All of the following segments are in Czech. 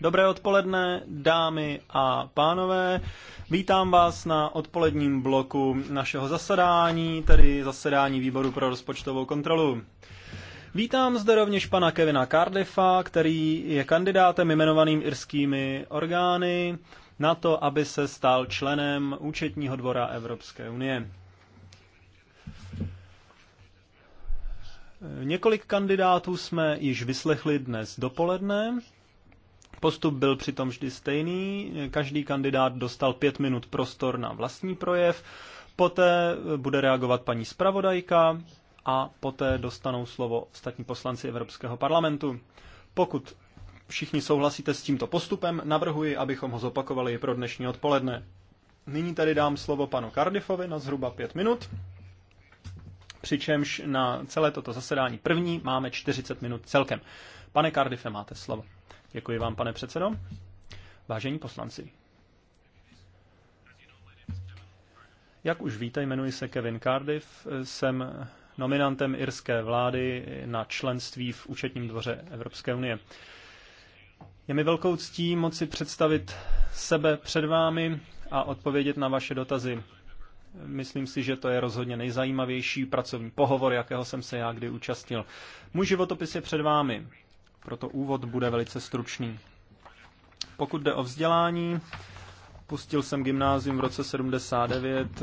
Dobré odpoledne, dámy a pánové. Vítám vás na odpoledním bloku našeho zasedání, tedy zasedání výboru pro rozpočtovou kontrolu. Vítám zde rovněž pana Kevina Cardiffa, který je kandidátem jmenovaným irskými orgány na to, aby se stal členem účetního dvora Evropské unie. Několik kandidátů jsme již vyslechli dnes dopoledne. Postup byl přitom vždy stejný. Každý kandidát dostal pět minut prostor na vlastní projev, poté bude reagovat paní zpravodajka a poté dostanou slovo ostatní poslanci Evropského parlamentu. Pokud všichni souhlasíte s tímto postupem, navrhuji, abychom ho zopakovali i pro dnešní odpoledne. Nyní tady dám slovo panu Cardiffovi na zhruba pět minut přičemž na celé toto zasedání první máme 40 minut celkem. Pane Cardiffe, máte slovo. Děkuji vám, pane předsedo. Vážení poslanci. Jak už víte, jmenuji se Kevin Cardiff, jsem nominantem irské vlády na členství v účetním dvoře Evropské unie. Je mi velkou ctí moci představit sebe před vámi a odpovědět na vaše dotazy. Myslím si, že to je rozhodně nejzajímavější pracovní pohovor, jakého jsem se já kdy účastnil. Můj životopis je před vámi, proto úvod bude velice stručný. Pokud jde o vzdělání, pustil jsem gymnázium v roce 79,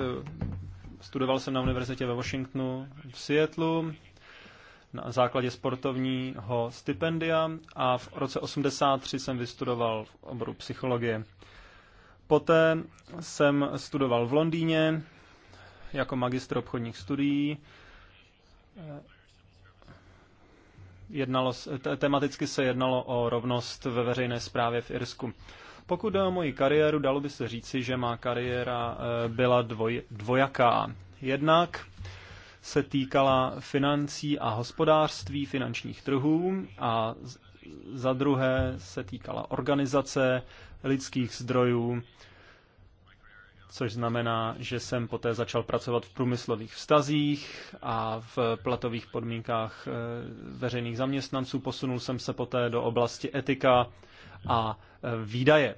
studoval jsem na univerzitě ve Washingtonu v Seattleu na základě sportovního stipendia a v roce 83 jsem vystudoval v oboru psychologie. Poté jsem studoval v Londýně jako magistr obchodních studií. Jednalo, tematicky se jednalo o rovnost ve veřejné správě v Irsku. Pokud jde o moji kariéru, dalo by se říci, že má kariéra eh, byla dvoj, dvojaká. Jednak se týkala financí a hospodářství finančních trhů a za druhé se týkala organizace lidských zdrojů což znamená, že jsem poté začal pracovat v průmyslových vztazích a v platových podmínkách eh, veřejných zaměstnanců. Posunul jsem se poté do oblasti etika a eh, výdaje.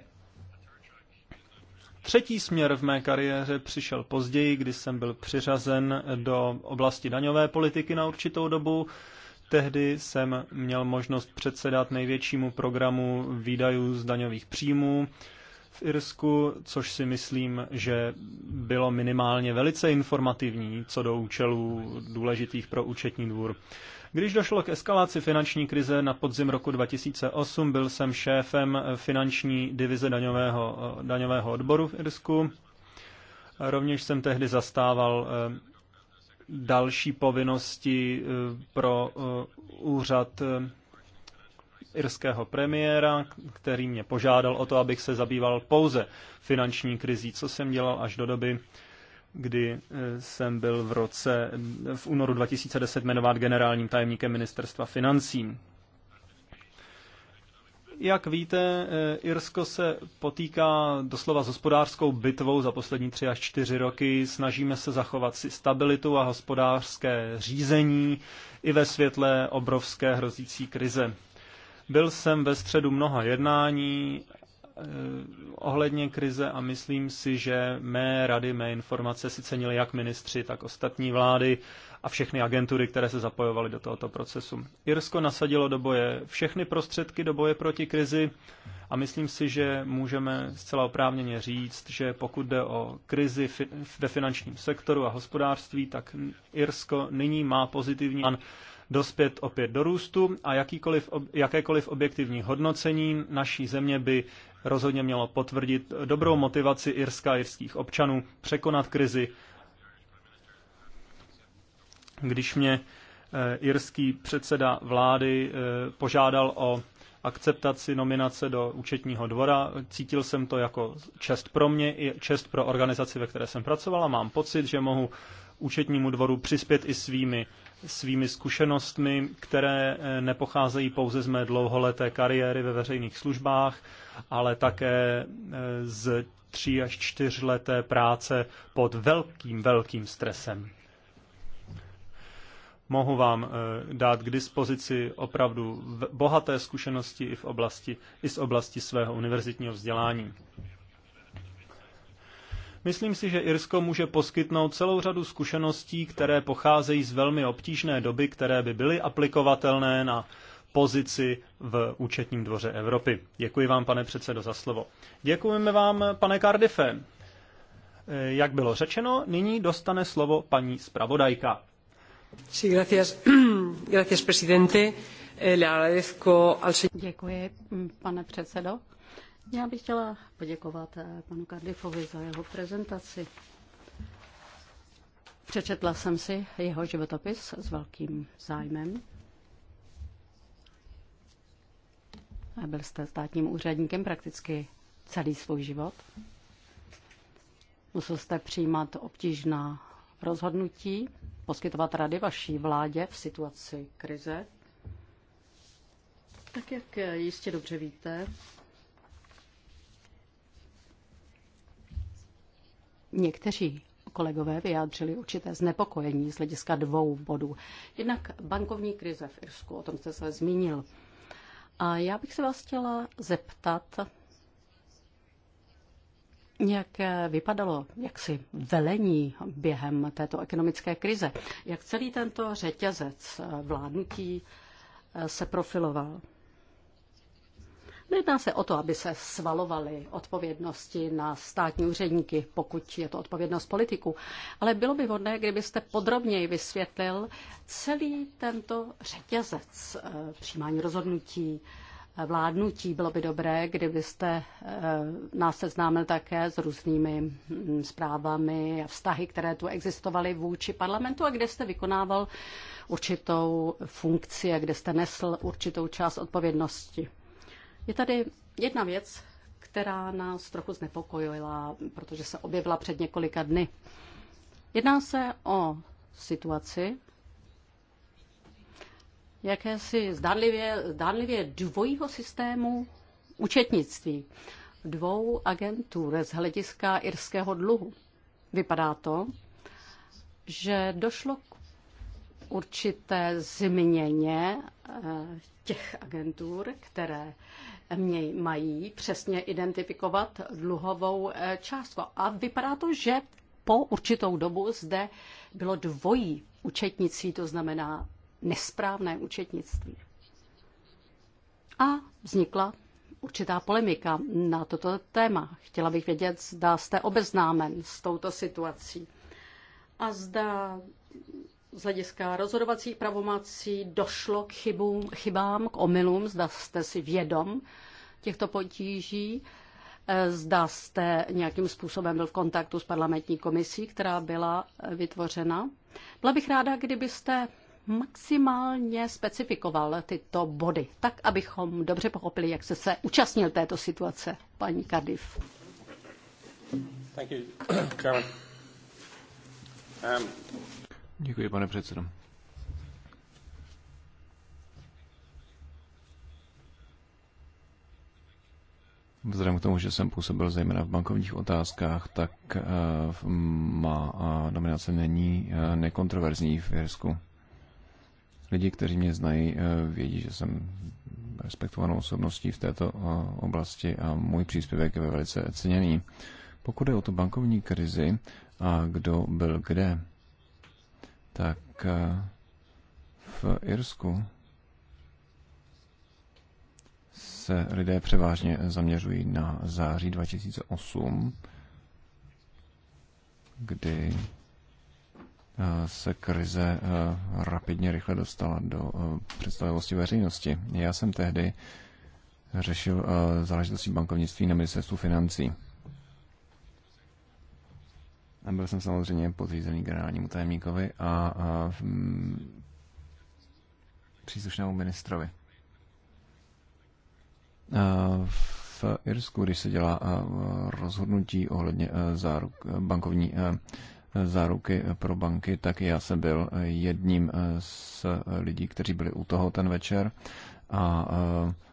Třetí směr v mé kariéře přišel později, kdy jsem byl přiřazen do oblasti daňové politiky na určitou dobu. Tehdy jsem měl možnost předsedat největšímu programu výdajů z daňových příjmů v Irsku, což si myslím, že bylo minimálně velice informativní co do účelů důležitých pro účetní dvůr. Když došlo k eskalaci finanční krize na podzim roku 2008, byl jsem šéfem finanční divize daňového, daňového odboru v Irsku. Rovněž jsem tehdy zastával eh, další povinnosti eh, pro eh, úřad irského premiéra, který mě požádal o to, abych se zabýval pouze finanční krizí, co jsem dělal až do doby, kdy eh, jsem byl v roce, v únoru 2010 jmenován generálním tajemníkem ministerstva financí. Jak víte, eh, Irsko se potýká doslova s hospodářskou bitvou za poslední tři až čtyři roky. Snažíme se zachovat si stabilitu a hospodářské řízení i ve světle obrovské hrozící krize. Byl jsem ve středu mnoha jednání eh, ohledně krize a myslím si, že mé rady, mé informace si cenili jak ministři, tak ostatní vlády a všechny agentury, které se zapojovaly do tohoto procesu. Irsko nasadilo do boje všechny prostředky do boje proti krizi a myslím si, že můžeme zcela oprávněně říct, že pokud jde o krizi ve finančním sektoru a hospodářství, tak Irsko nyní má pozitivní dospět opět do růstu a jakýkoliv, jakékoliv objektivní hodnocení naší země by rozhodně mělo potvrdit dobrou motivaci Irska a irských občanů překonat krizi. Když mě e, irský předseda vlády e, požádal o akceptaci nominace do účetního dvora. Cítil jsem to jako čest pro mě i čest pro organizaci, ve které jsem pracovala. Mám pocit, že mohu účetnímu dvoru přispět i svými svými zkušenostmi, které eh, nepocházejí pouze z mé dlouholeté kariéry ve veřejných službách, ale také eh, z tří až čtyřleté práce pod velkým, velkým stresem. Mohu vám eh, dát k dispozici opravdu bohaté zkušenosti i, v oblasti, i z oblasti svého univerzitního vzdělání. Myslím si, že Irsko může poskytnout celou řadu zkušeností, které pocházejí z velmi obtížné doby, které by byly aplikovatelné na pozici v účetním dvoře Evropy. Děkuji vám, pane předsedo, za slovo. Děkujeme vám, pane Cardiffe. Eh, jak bylo řečeno, nyní dostane slovo paní zpravodajka. Sí, gracias. gracias, presidente. Eh, Děkuji, pane předsedo. Já bych chtěla poděkovat eh, panu Cardiffovi za jeho prezentaci. Přečetla jsem si jeho životopis s velkým zájmem. A byl jste státním úředníkem prakticky celý svůj život. Musel jste přijímat obtížná rozhodnutí, poskytovat rady vaší vládě v situaci krize. Tak jak jistě dobře víte, Někteří kolegové vyjádřili určité znepokojení z hlediska dvou bodů. Jednak bankovní krize v Irsku, o tom jste se zmínil. A já bych se vás chtěla zeptat, jak vypadalo jaksi velení během této ekonomické krize, jak celý tento řetězec vládnutí se profiloval. Nejedná se o to, aby se svalovaly odpovědnosti na státní úředníky, pokud je to odpovědnost politiků, ale bylo by vhodné, kdybyste podrobněji vysvětlil celý tento řetězec eh, přijímání rozhodnutí, eh, vládnutí. Bylo by dobré, kdybyste eh, nás seznámil také s různými hm, zprávami a vztahy, které tu existovaly vůči parlamentu a kde jste vykonával určitou funkci a kde jste nesl určitou část odpovědnosti. Je tady jedna věc, která nás trochu znepokojila, protože se objevila před několika dny. Jedná se o situaci jakési zdánlivě, zdánlivě dvojího systému účetnictví dvou agentur z hlediska irského dluhu. Vypadá to, že došlo k určité změně eh, těch agentur, které mě mají přesně identifikovat dluhovou eh, částku. A vypadá to, že po určitou dobu zde bylo dvojí účetnictví, to znamená nesprávné účetnictví. A vznikla určitá polemika na toto téma. Chtěla bych vědět, zda jste obeznámen s touto situací a zda z hlediska rozhodovací pravomocí došlo k chybům, chybám, k omylům, zda jste si vědom těchto potíží, eh, zda jste nějakým způsobem byl v kontaktu s parlamentní komisí, která byla eh, vytvořena. Byla bych ráda, kdybyste maximálně specifikoval tyto body, tak abychom dobře pochopili, jak se se účastnil této situace, paní Cardiff. Thank you, Chairman. Um, Děkuji, pane předsedo. Vzhledem k tomu, že jsem působil zejména v bankovních otázkách, tak uh, má uh, nominace není uh, nekontroverzní v Jirsku. Lidi, kteří mě znají, uh, vědí, že jsem respektovanou osobností v této uh, oblasti a můj příspěvek je velice ceněný. Pokud je o tu bankovní krizi a kdo byl kde, tak eh, v Irsku se lidé převážně zaměřují na září 2008, kdy eh, se krize eh, rapidně rychle dostala do představivosti veřejnosti. Já jsem tehdy řešil záležitosti bankovnictví na ministerstvu financí. A byl jsem samozřejmě podřízený generálnímu tajemníkovi a, a m, mm, příslušnému ministrovi. V Irsku, když se dělá rozhodnutí ohledně záruk, bankovní záruky pro banky, tak já jsem byl jedním z lidí, kteří byli u toho ten večer a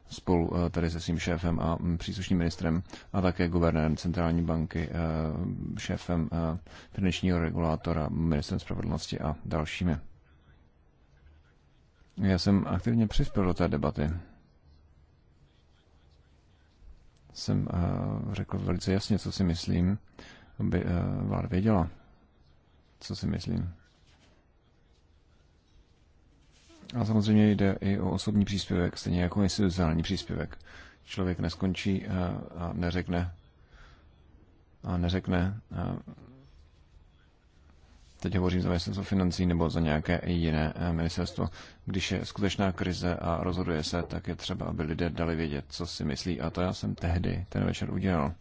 spolu eh, tady se svým šéfem a mm, příslušným ministrem a také guvernérem centrální banky, eh, šéfem eh, finančního regulátora, ministrem spravedlnosti a dalšími. Já jsem aktivně přispěl do té debaty. Jsem řekl velice jasně, co si myslím, aby vláda věděla, co si myslím. A samozřejmě jde i o osobní příspěvek, stejně jako institucionální příspěvek. Člověk neskončí eh, a neřekne a neřekne a eh, teď hovořím za ministerstvo financí nebo za nějaké jiné eh, ministerstvo. Když je skutečná krize a rozhoduje se, tak je třeba, aby lidé dali vědět, co si myslí. A to já jsem tehdy ten večer udělal.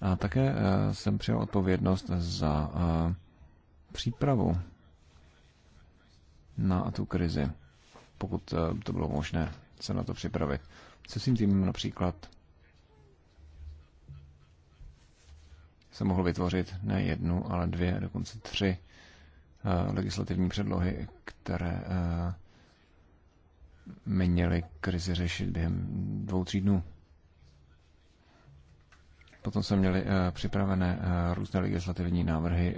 A také jsem přijal odpovědnost za přípravu na tu krizi, pokud eh, to bylo možné se na to připravit. Co si tím například jsem mohl vytvořit ne jednu, ale dvě, dokonce tři eh, legislativní předlohy, které eh, měly krizi řešit během dvou, tří dnů. Potom jsme měli připravené různé legislativní návrhy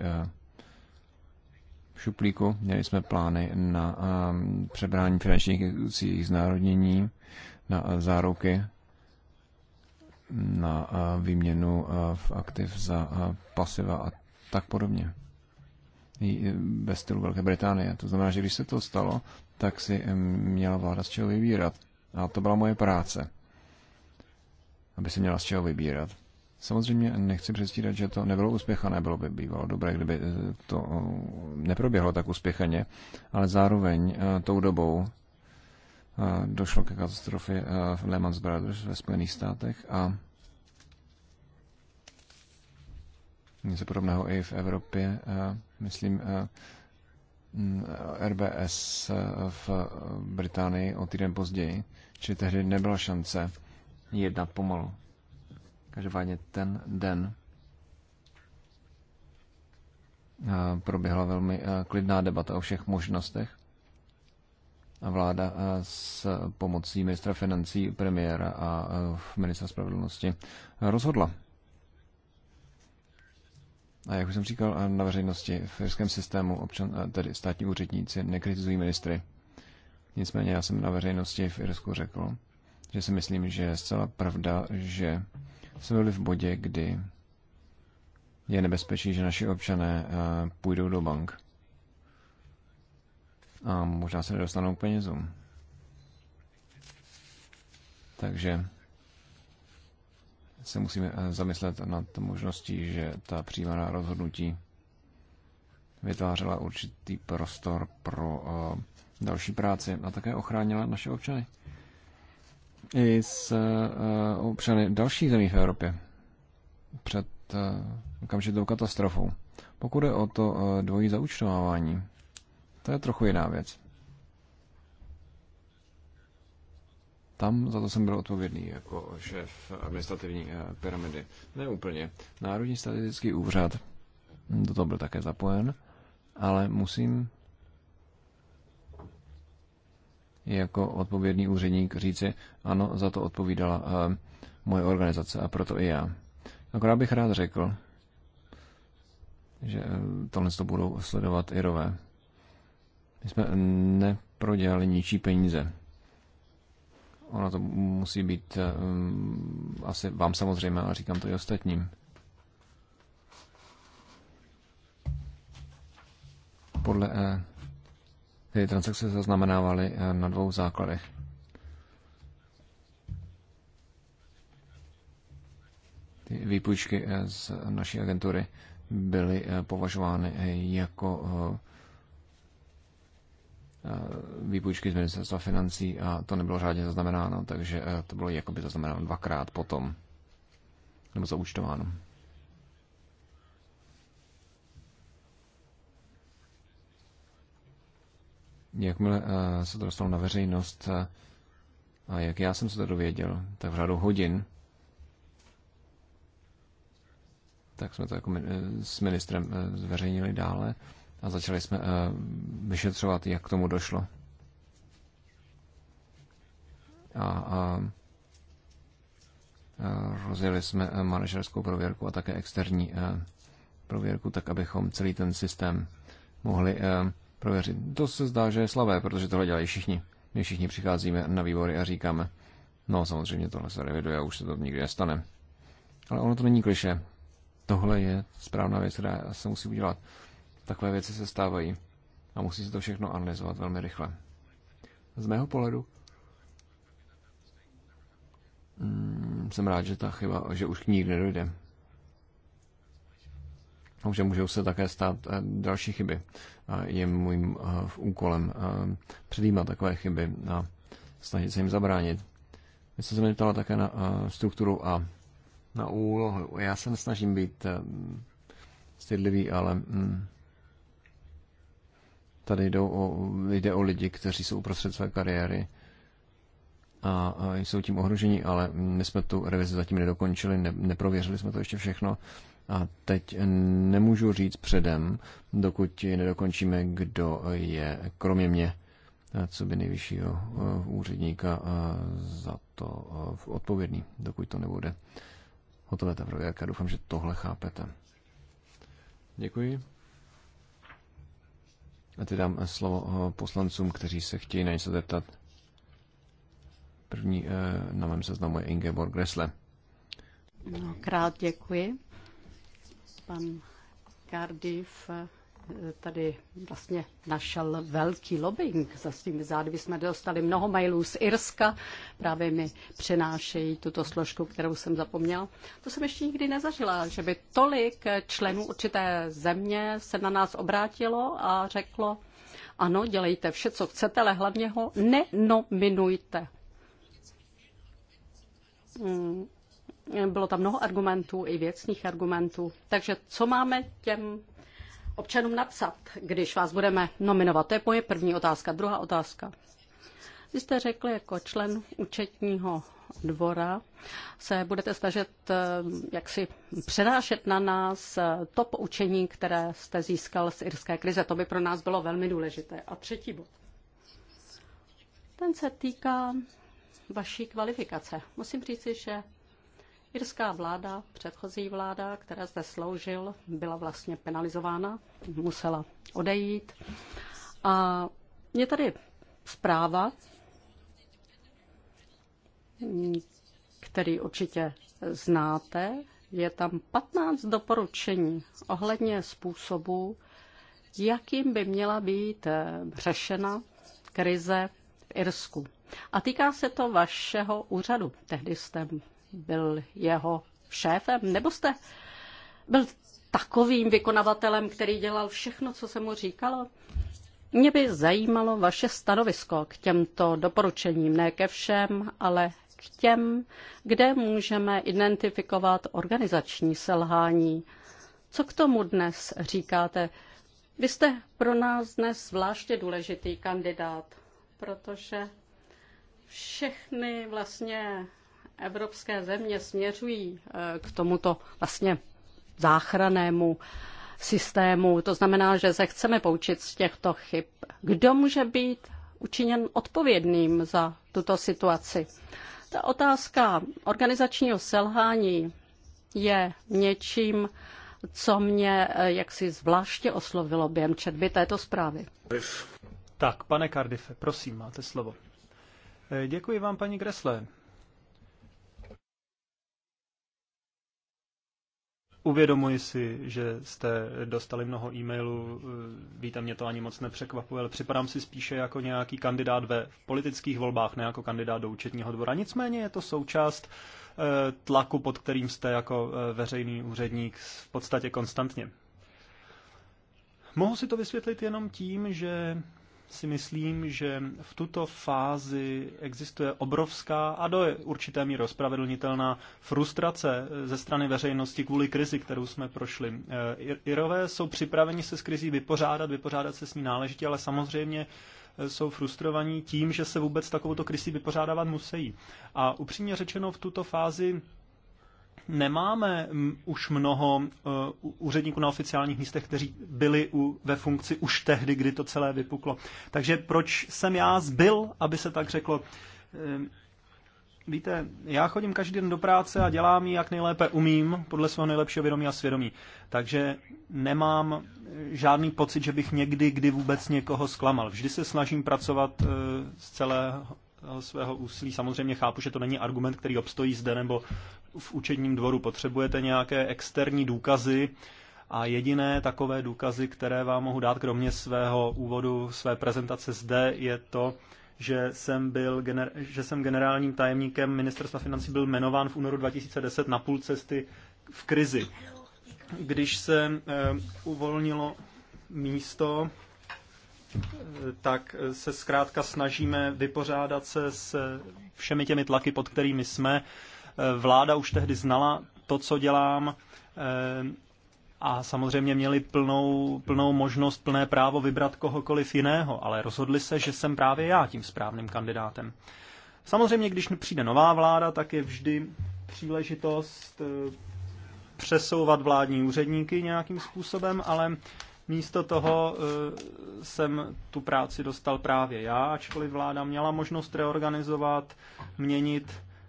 šuplíku. Měli jsme plány na um, přebrání finančních institucí, jejich znárodnění, na uh, záruky, na uh, výměnu uh, v aktiv za pasiva a tak podobně. I ve stylu Velké Británie. To znamená, že když se to stalo, tak si um, měla vláda z čeho vybírat. A to byla moje práce, aby se měla z čeho vybírat. Samozřejmě nechci předstírat, že to nebylo úspěchané, bylo by bývalo dobré, kdyby eh, to eh, neproběhlo tak úspěchaně, ale zároveň eh, tou dobou došlo ke katastrofě v Lehman Brothers ve Spojených státech a něco podobného i v Evropě. Myslím, mm, RBS v Británii o týden později, či tehdy nebyla šance jednat pomalu. Každopádně ten den eh, proběhla velmi eh, klidná debata o všech možnostech a vláda eh, s pomocí ministra financí, premiéra a ministra spravedlnosti rozhodla. A jak už jsem říkal, na veřejnosti v irském systému občan, tedy státní úředníci nekritizují ministry. Nicméně já jsem na veřejnosti v Irsku řekl, že si myslím, že je zcela pravda, že jsme byli v bodě, kdy je nebezpečí, že naši občané eh, půjdou do bank a možná se nedostanou k penězům. Takže se musíme eh, zamyslet nad možností, že ta přijímaná rozhodnutí vytvářela určitý prostor pro eh, další práci a také ochránila naše občany i s eh, občany dalších zemí v Evropě před eh, okamžitou katastrofou. Pokud je o to eh, dvojí zaučtovávání, to je trochu jiná věc. Tam za to jsem byl odpovědný jako šéf administrativní pyramidy. Ne úplně. Národní statistický úřad do toho byl také zapojen, ale musím jako odpovědný úředník říci, ano, za to odpovídala eh, moje organizace a proto i já. Akorát bych rád řekl, že eh, tohle to budou sledovat Irové. My jsme neprodělali ničí peníze. Ono to musí být um, asi vám samozřejmě, ale říkám to i ostatním. Podle uh, ty transakce zaznamenávaly eh, na dvou základech. Ty výpůjčky eh, z naší agentury byly eh, považovány jako výpůjčky z ministerstva financí a to nebylo řádně zaznamenáno, takže to bylo jako by zaznamenáno dvakrát potom, nebo zaúčtováno. jakmile eh, se to dostalo na veřejnost eh, a jak já jsem se to dověděl, tak v řadu hodin, tak jsme to jako eh, s ministrem zveřejnili dále a začali jsme vyšetřovat, jak k tomu došlo. A, a rozjeli jsme manažerskou prověrku a také externí prověrku, tak abychom celý ten systém mohli prověřit. To se zdá, že je slabé, protože tohle dělají všichni. My všichni přicházíme na výbory a říkáme, no samozřejmě tohle se reviduje a už se to nikdy nestane. Ale ono to není kliše. Tohle je správná věc, která se musí udělat. Takové věci se stávají a musí se to všechno analyzovat velmi rychle. Z mého pohledu mm, jsem rád, že ta chyba, že už k ní nedojde dosáhnout, že můžou se také stát eh, další chyby. A je mým eh, úkolem eh, předjímat takové chyby a snažit se jim zabránit. Vy jste se mě ptala také na strukturu a na úlohu. Já se snažím být stydlivý, ale mm, tady o, jde o lidi, kteří jsou uprostřed své kariéry a, jsou tím ohroženi, ale my jsme tu revizi zatím nedokončili, ne, neprověřili jsme to ještě všechno a teď nemůžu říct předem, dokud nedokončíme, kdo je, kromě mě, co by nejvyššího e, úředníka za to e, odpovědný, dokud to nebude hotové ta prověrka. Doufám, že tohle chápete. Děkuji. A teď dám slovo e, poslancům, kteří se chtějí na něco zeptat. První eh, na mém seznamu je Ingeborg Gressle. krát děkuji. Pan Cardiff eh, tady vlastně našel velký lobbying. Za svými zády My jsme dostali mnoho mailů z Irska, právě mi přenášejí tuto složku, kterou jsem zapomněla. To jsem ještě nikdy nezažila, že by tolik členů určité země se na nás obrátilo a řeklo, ano, dělejte vše, co chcete, ale hlavně ho nenominujte. Mm, bylo tam mnoho argumentů, i věcných argumentů. Takže co máme těm občanům napsat, když vás budeme nominovat? To je moje první otázka. Druhá otázka. Vy jste řekli, jako člen účetního dvora se budete snažit eh, jak si přenášet na nás eh, to poučení, které jste získal z irské krize. To by pro nás bylo velmi důležité. A třetí bod. Ten se týká vaší kvalifikace. Musím říci, že irská vláda, předchozí vláda, která zde sloužil, byla vlastně penalizována, musela odejít. A je tady zpráva, který určitě znáte. Je tam 15 doporučení ohledně způsobu, jakým by měla být řešena krize v Irsku. A týká se to vašeho úřadu. Tehdy jste byl jeho šéfem, nebo jste byl takovým vykonavatelem, který dělal všechno, co se mu říkalo? Mě by zajímalo vaše stanovisko k těmto doporučením, ne ke všem, ale k těm, kde můžeme identifikovat organizační selhání. Co k tomu dnes říkáte? Vy jste pro nás dnes zvláště důležitý kandidát, protože všechny vlastně evropské země směřují eh, k tomuto vlastně záchranému systému. To znamená, že se chceme poučit z těchto chyb. Kdo může být učiněn odpovědným za tuto situaci? Ta otázka organizačního selhání je něčím, co mě eh, jaksi zvláště oslovilo během četby této zprávy. Tak, pane Cardiffe, prosím, máte slovo. Eh, děkuji vám, paní Gresle. Uvědomuji si, že jste dostali mnoho e-mailů, eh, víte, mě to ani moc nepřekvapuje, ale připadám si spíše jako nějaký kandidát ve politických volbách, ne jako kandidát do účetního dvora. Nicméně je to součást eh, tlaku, pod kterým jste jako veřejný úředník v podstatě konstantně. Mohu si to vysvětlit jenom tím, že si myslím, že v tuto fázi existuje obrovská a do určité míry ospravedlnitelná frustrace ze strany veřejnosti kvůli krizi, kterou jsme prošli. Eh, Irové jsou připraveni se s krizí vypořádat, vypořádat se s ní náležitě, ale samozřejmě eh, jsou frustrovaní tím, že se vůbec takovouto krizi vypořádávat musí. A upřímně řečeno, v tuto fázi nemáme už mnoho eh, úředníků na oficiálních místech, kteří byli u, ve funkci už tehdy, kdy to celé vypuklo. Takže proč jsem já zbyl, aby se tak řeklo? Eh, víte, já chodím každý den do práce a dělám ji, jak nejlépe umím, podle svého nejlepšího vědomí a svědomí. Takže nemám eh, žádný pocit, že bych někdy, kdy vůbec někoho zklamal. Vždy se snažím pracovat z celého svého úsilí. Samozřejmě chápu, že to není argument, který obstojí zde nebo v učedním dvoru. Potřebujete nějaké externí důkazy a jediné takové důkazy, které vám mohu dát, kromě svého úvodu, své prezentace zde, je to, že jsem, byl, gener, že jsem generálním tajemníkem ministerstva financí byl jmenován v únoru 2010 na půl cesty v krizi. Když se eh, uvolnilo místo tak se zkrátka snažíme vypořádat se s všemi těmi tlaky, pod kterými jsme. Vláda už tehdy znala to, co dělám eh, a samozřejmě měli plnou, plnou možnost, plné právo vybrat kohokoliv jiného, ale rozhodli se, že jsem právě já tím správným kandidátem. Samozřejmě, když přijde nová vláda, tak je vždy příležitost eh, přesouvat vládní úředníky nějakým způsobem, ale Místo toho eh, jsem tu práci dostal právě já, ačkoliv vláda měla možnost reorganizovat, měnit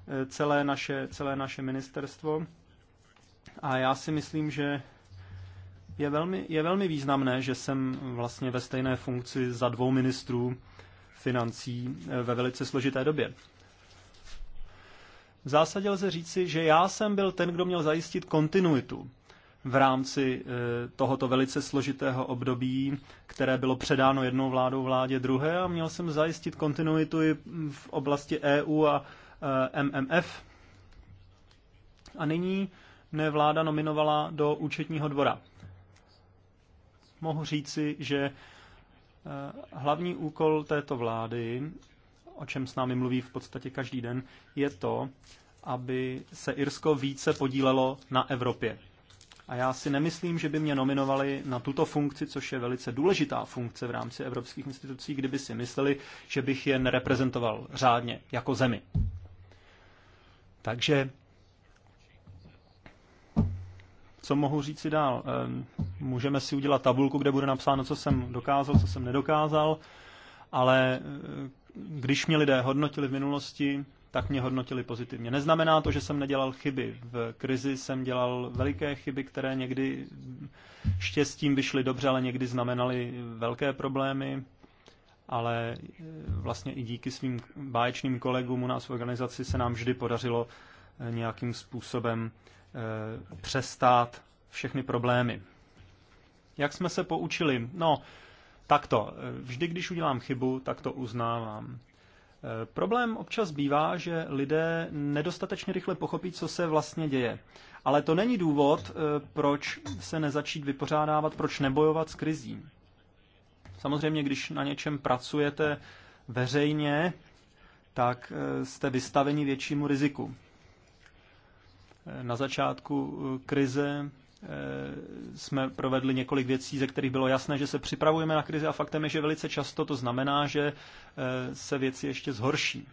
eh, celé naše, celé naše ministerstvo. A já si myslím, že je velmi, je velmi významné, že jsem vlastně ve stejné funkci za dvou ministrů financí eh, ve velice složité době. V zásadě lze říci, že já jsem byl ten, kdo měl zajistit kontinuitu v rámci eh, tohoto velice složitého období, které bylo předáno jednou vládou vládě druhé a měl jsem zajistit kontinuitu i v oblasti EU a eh, MMF. A nyní mne vláda nominovala do účetního dvora. Mohu říci, že eh, hlavní úkol této vlády, o čem s námi mluví v podstatě každý den, je to, aby se Irsko více podílelo na Evropě. A já si nemyslím, že by mě nominovali na tuto funkci, což je velice důležitá funkce v rámci evropských institucí, kdyby si mysleli, že bych je nereprezentoval řádně jako zemi. Takže co mohu říct si dál? Ehm, můžeme si udělat tabulku, kde bude napsáno, co jsem dokázal, co jsem nedokázal, ale eh, když mě lidé hodnotili v minulosti, tak mě hodnotili pozitivně. Neznamená to, že jsem nedělal chyby. V krizi jsem dělal veliké chyby, které někdy štěstím vyšly dobře, ale někdy znamenaly velké problémy. Ale e, vlastně i díky svým báječným kolegům u nás v organizaci se nám vždy podařilo e, nějakým způsobem e, přestát všechny problémy. Jak jsme se poučili? No, takto. Vždy, když udělám chybu, tak to uznávám. Eh, problém občas bývá, že lidé nedostatečně rychle pochopí, co se vlastně děje. Ale to není důvod, eh, proč se nezačít vypořádávat, proč nebojovat s krizí. Samozřejmě, když na něčem pracujete veřejně, tak eh, jste vystaveni většímu riziku. Na začátku krize Eh, jsme provedli několik věcí, ze kterých bylo jasné, že se připravujeme na krizi a faktem je, že velice často to znamená, že eh, se věci ještě zhorší.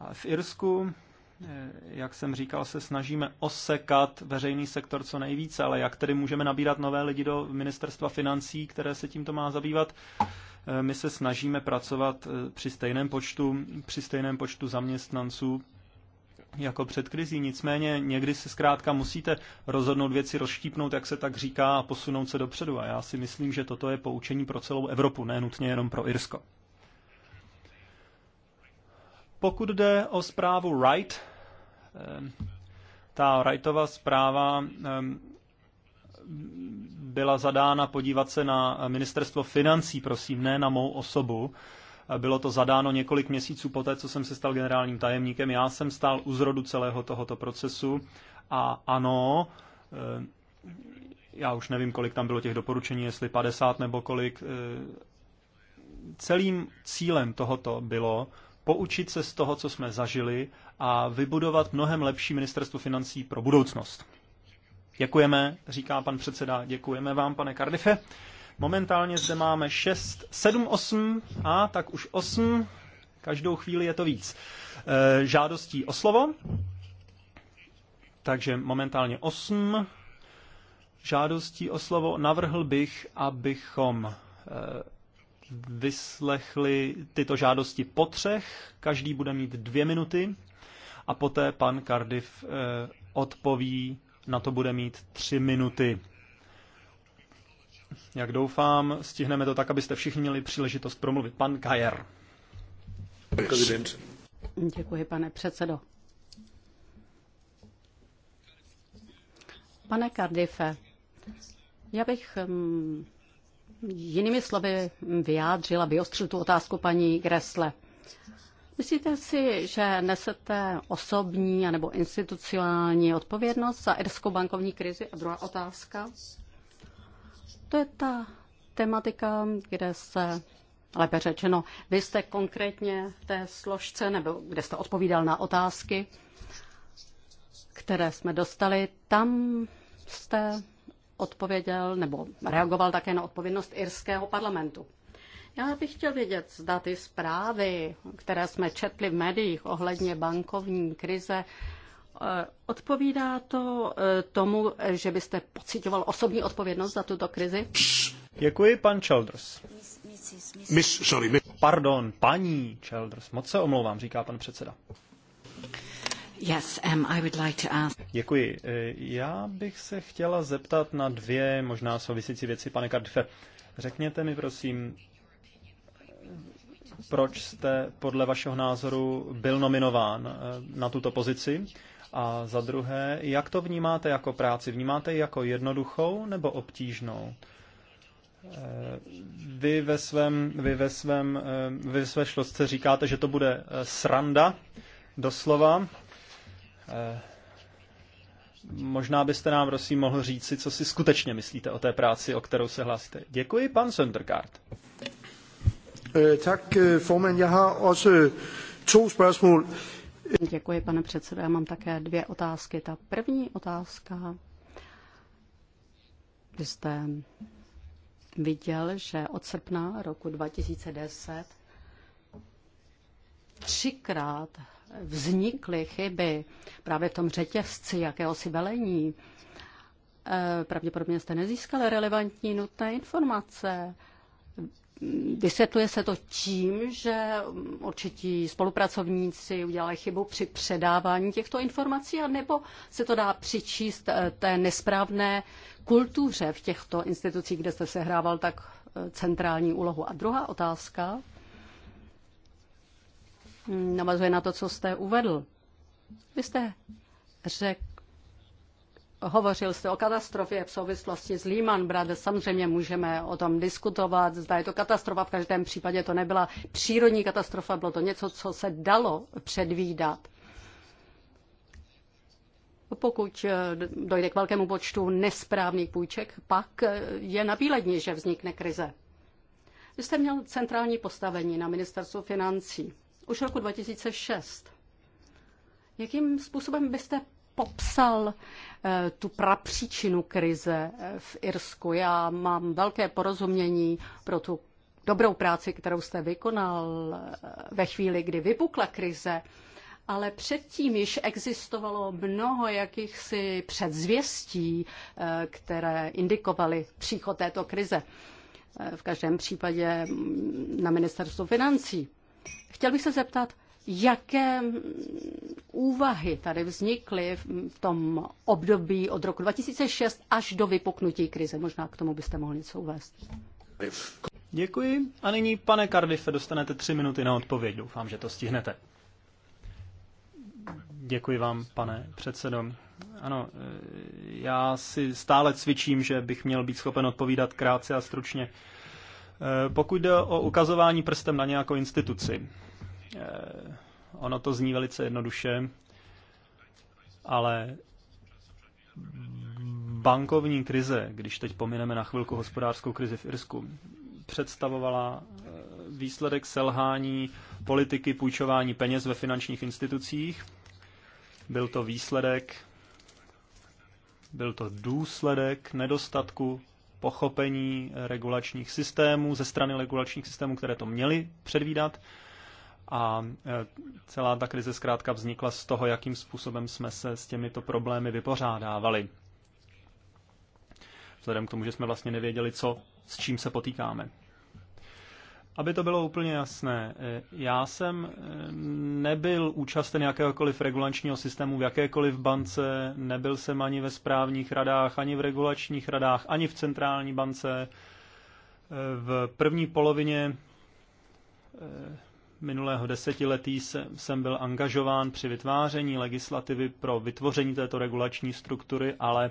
A v Irsku, eh, jak jsem říkal, se snažíme osekat veřejný sektor co nejvíce, ale jak tedy můžeme nabírat nové lidi do ministerstva financí, které se tímto má zabývat? My se snažíme pracovat při stejném počtu, při stejném počtu zaměstnanců, jako před krizí. Nicméně někdy se zkrátka musíte rozhodnout věci, rozštípnout, jak se tak říká, a posunout se dopředu. A já si myslím, že toto je poučení pro celou Evropu, ne nutně jenom pro Irsko. Pokud jde o zprávu Wright, eh, ta Wrightova zpráva eh, byla zadána podívat se na ministerstvo financí, prosím, ne na mou osobu. Bylo to zadáno několik měsíců poté, co jsem se stal generálním tajemníkem. Já jsem stál u zrodu celého tohoto procesu a ano, eh, já už nevím, kolik tam bylo těch doporučení, jestli 50 nebo kolik. Eh, celým cílem tohoto bylo poučit se z toho, co jsme zažili a vybudovat mnohem lepší ministerstvo financí pro budoucnost. Děkujeme, říká pan předseda, děkujeme vám, pane Cardiffe. Momentálně zde máme 6, 7, 8 a tak už 8, každou chvíli je to víc, eh, žádostí o slovo. Takže momentálně 8 žádostí o slovo. Navrhl bych, abychom eh, vyslechli tyto žádosti po třech. Každý bude mít dvě minuty a poté pan Cardiff eh, odpoví. Na to bude mít tři minuty. Jak doufám, stihneme to tak, abyste všichni měli příležitost promluvit. Pan Kajer. Děkuji, pane předsedo. Pane Cardiffe, já bych mm, jinými slovy vyjádřila, vyostřil tu otázku paní Gresle. Myslíte si, že nesete osobní anebo institucionální odpovědnost za irskou bankovní krizi? A druhá otázka. To je ta tematika, kde se lépe řečeno, vy jste konkrétně v té složce, nebo kde jste odpovídal na otázky, které jsme dostali, tam jste odpověděl nebo reagoval také na odpovědnost irského parlamentu. Já bych chtěl vědět, zda ty zprávy, které jsme četli v médiích ohledně bankovní krize, Eh, odpovídá to eh, tomu, eh, že byste pocitoval osobní odpovědnost za tuto krizi? Děkuji, pan Childers. Miss, sorry, miss. Pardon, paní Childers, moc se omlouvám, říká pan předseda. Yes, um, I would like to ask... Děkuji. Já bych se chtěla zeptat na dvě možná souvisící věci, pane Kardife. Řekněte mi, prosím, proč jste podle vašeho názoru byl nominován na tuto pozici a za druhé, jak to vnímáte jako práci? Vnímáte ji jako jednoduchou nebo obtížnou? Eh, vy ve, svém, vy, ve svém, eh, vy ve své šlostce říkáte, že to bude eh, sranda, doslova. Možná byste nám, prosím, mohl říct, si co si skutečně myslíte o té práci, o kterou se hlásíte. Děkuji, pan Söndergaard. Tak, formand. Já mám také to otázky. Děkuji, pane předsedo. Já mám také dvě otázky. Ta první otázka. Vy jste viděl, že od srpna roku 2010 třikrát vznikly chyby právě v tom řetězci jakéhosi velení. E, pravděpodobně jste nezískali relevantní nutné informace. Vysvětluje se to tím, že určití spolupracovníci udělali chybu při předávání těchto informací, nebo se to dá přičíst eh, té nesprávné kultuře v těchto institucích, kde jste sehrával tak eh, centrální úlohu. A druhá otázka mm, navazuje na to, co jste uvedl. Vy jste řekl, Hovořil jste o katastrofě v souvislosti s Lehman Brothers. Samozřejmě můžeme o tom diskutovat. Zda je to katastrofa, v každém případě to nebyla přírodní katastrofa, bylo to něco, co se dalo předvídat. Pokud eh, dojde k velkému počtu nesprávných půjček, pak eh, je nabílední, že vznikne krize. Vy jste měl centrální postavení na ministerstvu financí už roku 2006. Jakým způsobem byste popsal eh, tu prapříčinu krize eh, v Irsku. Já mám velké porozumění pro tu dobrou práci, kterou jste vykonal eh, ve chvíli, kdy vypukla krize, ale předtím již existovalo mnoho jakýchsi předzvěstí, které indikovaly příchod této krize. V každém případě mm, na ministerstvu financí. Chtěl bych se zeptat, Jaké úvahy tady vznikly v tom období od roku 2006 až do vypuknutí krize? Možná k tomu byste mohli něco uvést. Děkuji. A nyní, pane Cardiffe, dostanete tři minuty na odpověď. Doufám, že to stihnete. Děkuji vám, pane předsedo. Ano, já si stále cvičím, že bych měl být schopen odpovídat krátce a stručně. Pokud jde o ukazování prstem na nějakou instituci, Eh, ono to zní velice jednoduše, ale bankovní krize, když teď pomineme na chvilku hospodářskou krizi v Irsku, představovala eh, výsledek selhání politiky půjčování peněz ve finančních institucích. Byl to výsledek, byl to důsledek nedostatku pochopení regulačních systémů ze strany regulačních systémů, které to měly předvídat a e, celá ta krize zkrátka vznikla z toho, jakým způsobem jsme se s těmito problémy vypořádávali. Vzhledem k tomu, že jsme vlastně nevěděli, co, s čím se potýkáme. Aby to bylo úplně jasné, e, já jsem e, nebyl účasten jakéhokoliv regulačního systému v jakékoliv bance, nebyl jsem ani ve správních radách, ani v regulačních radách, ani v centrální bance. V první polovině minulého desetiletí jsem byl angažován při vytváření legislativy pro vytvoření této regulační struktury, ale e,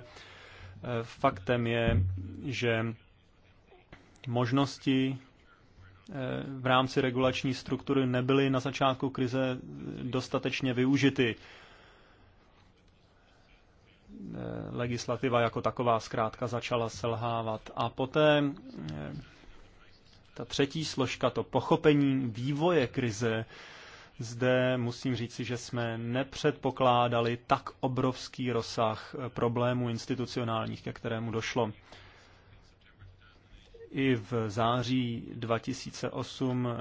faktem je, že možnosti e, v rámci regulační struktury nebyly na začátku krize dostatečně využity. E, legislativa jako taková zkrátka začala selhávat. A poté ta třetí složka, to pochopení vývoje krize, zde musím říci, že jsme nepředpokládali tak obrovský rozsah problémů institucionálních, ke kterému došlo. I v září 2008 eh,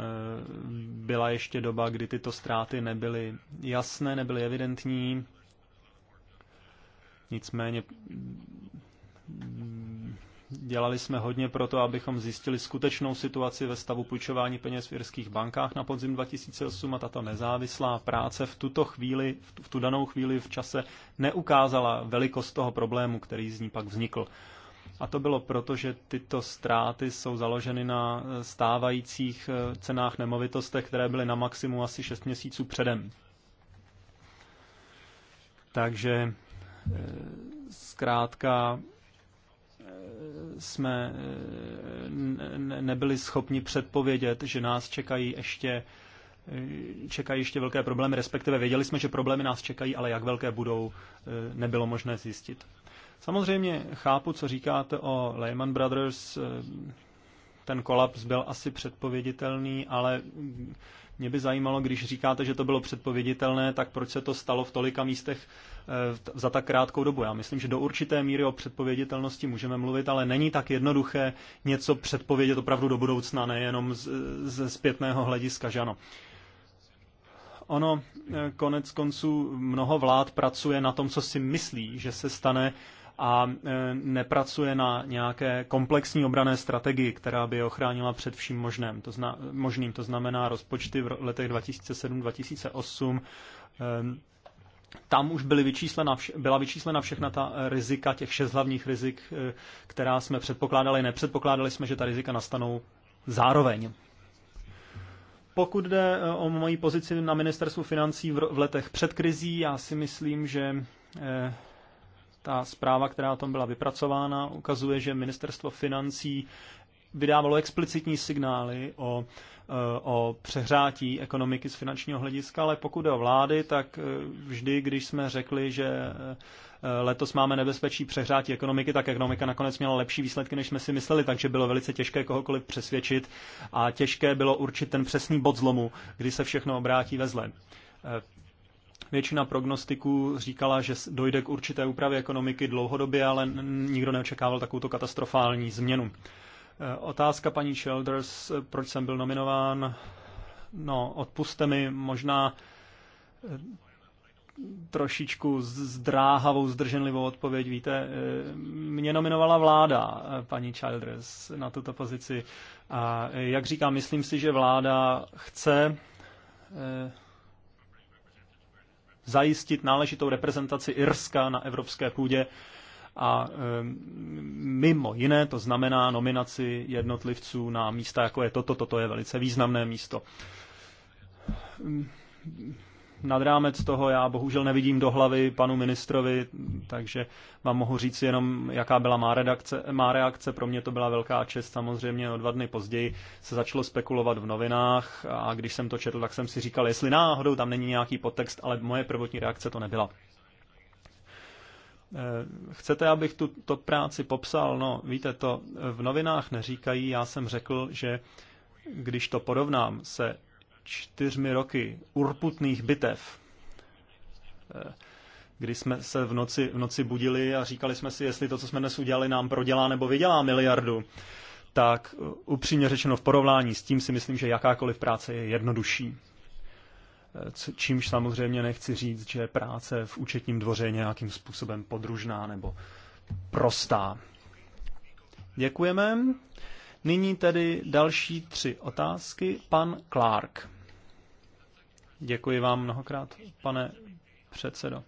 byla ještě doba, kdy tyto ztráty nebyly jasné, nebyly evidentní. Nicméně mm, Dělali jsme hodně pro to, abychom zjistili skutečnou situaci ve stavu půjčování peněz v irských bankách na podzim 2008 a tato nezávislá práce v tuto chvíli, v tu danou chvíli v čase neukázala velikost toho problému, který z ní pak vznikl. A to bylo proto, že tyto ztráty jsou založeny na stávajících eh, cenách nemovitostech, které byly na maximum asi 6 měsíců předem. Takže eh, zkrátka jsme eh, nebyli schopni předpovědět, že nás čekají ještě eh, čekají ještě velké problémy, respektive věděli jsme, že problémy nás čekají, ale jak velké budou, eh, nebylo možné zjistit. Samozřejmě chápu, co říkáte o Lehman Brothers, ten kolaps byl asi předpověditelný, ale mě by zajímalo, když říkáte, že to bylo předpověditelné, tak proč se to stalo v tolika místech eh, za tak krátkou dobu? Já myslím, že do určité míry o předpověditelnosti můžeme mluvit, ale není tak jednoduché něco předpovědět opravdu do budoucna, nejenom ze zpětného hlediska, že ano. Ono eh, konec konců mnoho vlád pracuje na tom, co si myslí, že se stane a e, nepracuje na nějaké komplexní obrané strategii, která by je ochránila před vším možném. To zna, možným. To znamená rozpočty v letech 2007-2008 e, tam už byly vyčíslena, byla vyčíslena všechna ta rizika, těch šest hlavních rizik, e, která jsme předpokládali. Nepředpokládali jsme, že ta rizika nastanou zároveň. Pokud jde o moji pozici na ministerstvu financí v letech před krizí, já si myslím, že ta zpráva, která tom byla vypracována, ukazuje, že ministerstvo financí vydávalo explicitní signály o, eh, o přehrátí ekonomiky z finančního hlediska, ale pokud o vlády, tak eh, vždy, když jsme řekli, že eh, letos máme nebezpečí přehrátí ekonomiky, tak ekonomika nakonec měla lepší výsledky, než jsme si mysleli, takže bylo velice těžké kohokoliv přesvědčit a těžké bylo určit ten přesný bod zlomu, kdy se všechno obrátí ve zle. Většina prognostiků říkala, že dojde k určité úpravě ekonomiky dlouhodobě, ale nikdo neočekával takovou katastrofální změnu. E, otázka paní Childers, proč jsem byl nominován? No, odpuste mi možná e, trošičku zdráhavou, zdrženlivou odpověď. Víte, e, mě nominovala vláda, paní Childress, na tuto pozici. A jak říkám, myslím si, že vláda chce zajistit náležitou reprezentaci Irska na evropské půdě a mimo jiné to znamená nominaci jednotlivců na místa, jako je toto, toto je velice významné místo nad rámec toho já bohužel nevidím do hlavy panu ministrovi, takže vám mohu říct jenom, jaká byla má, redakce, má reakce. Pro mě to byla velká čest. Samozřejmě o dva dny později se začalo spekulovat v novinách a když jsem to četl, tak jsem si říkal, jestli náhodou tam není nějaký podtext, ale moje prvotní reakce to nebyla. Eh, chcete, abych tu to práci popsal? No, víte, to v novinách neříkají. Já jsem řekl, že když to porovnám se čtyřmi roky urputných bitev, eh, kdy jsme se v noci, v noci budili a říkali jsme si, jestli to, co jsme dnes udělali, nám prodělá nebo vydělá miliardu, tak eh, upřímně řečeno v porovnání s tím si myslím, že jakákoliv práce je jednodušší. Eh, čímž samozřejmě nechci říct, že práce v účetním dvoře je nějakým způsobem podružná nebo prostá. Děkujeme. Nyní tedy další tři otázky. Pan Clark. Děkuji vám mnohokrát, pane předsedo.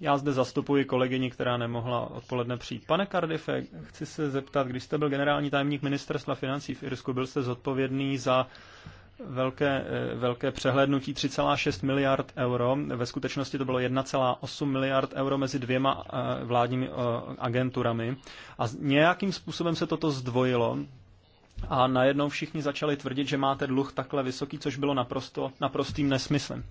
Já zde zastupuji kolegyni, která nemohla odpoledne přijít. Pane Cardiffe, chci se zeptat, když jste byl generální tajemník ministerstva financí v Irsku, byl jste zodpovědný za velké, velké přehlédnutí 3,6 miliard euro. Ve skutečnosti to bylo 1,8 miliard euro mezi dvěma eh, vládními eh, agenturami. A nějakým způsobem se toto zdvojilo, a najednou všichni začali tvrdit, že máte dluh takhle vysoký, což bylo naprosto, naprostým nesmyslem.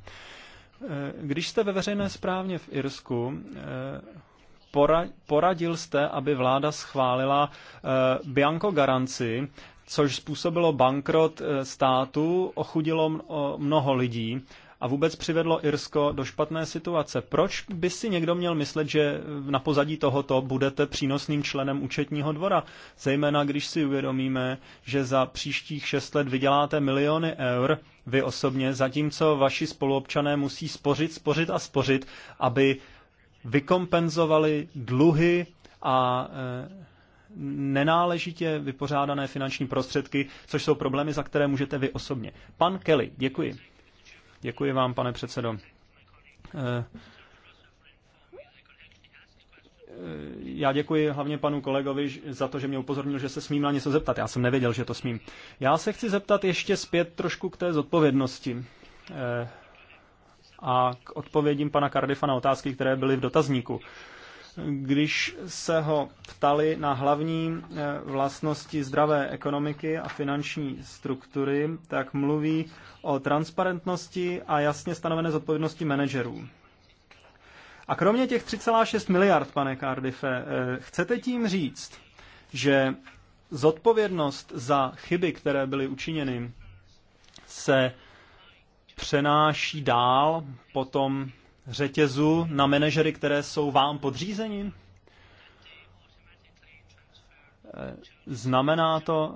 Eh, když jste ve veřejné správně v Irsku, eh, poradil jste, aby vláda schválila eh, Bianco garanci, což způsobilo bankrot státu, ochudilo mnoho lidí a vůbec přivedlo Irsko do špatné situace. Proč by si někdo měl myslet, že na pozadí tohoto budete přínosným členem účetního dvora? Zejména když si uvědomíme, že za příštích šest let vyděláte miliony eur vy osobně, zatímco vaši spoluobčané musí spořit, spořit a spořit, aby vykompenzovali dluhy a e, nenáležitě vypořádané finanční prostředky, což jsou problémy, za které můžete vy osobně. Pan Kelly, děkuji. Děkuji vám, pane předsedo. Eh, eh, já děkuji hlavně panu kolegovi za to, že mě upozornil, že se smím na něco zeptat. Já jsem nevěděl, že to smím. Já se chci zeptat ještě zpět trošku k té zodpovědnosti eh, a k odpovědím pana Cardiffa na otázky, které byly v dotazníku když se ho ptali na hlavní eh, vlastnosti zdravé ekonomiky a finanční struktury, tak mluví o transparentnosti a jasně stanovené zodpovědnosti manažerů. A kromě těch 3,6 miliard, pane Cardiffe, eh, chcete tím říct, že zodpovědnost za chyby, které byly učiněny, se přenáší dál potom řetězu na manažery, které jsou vám podřízeni? Eh, znamená to,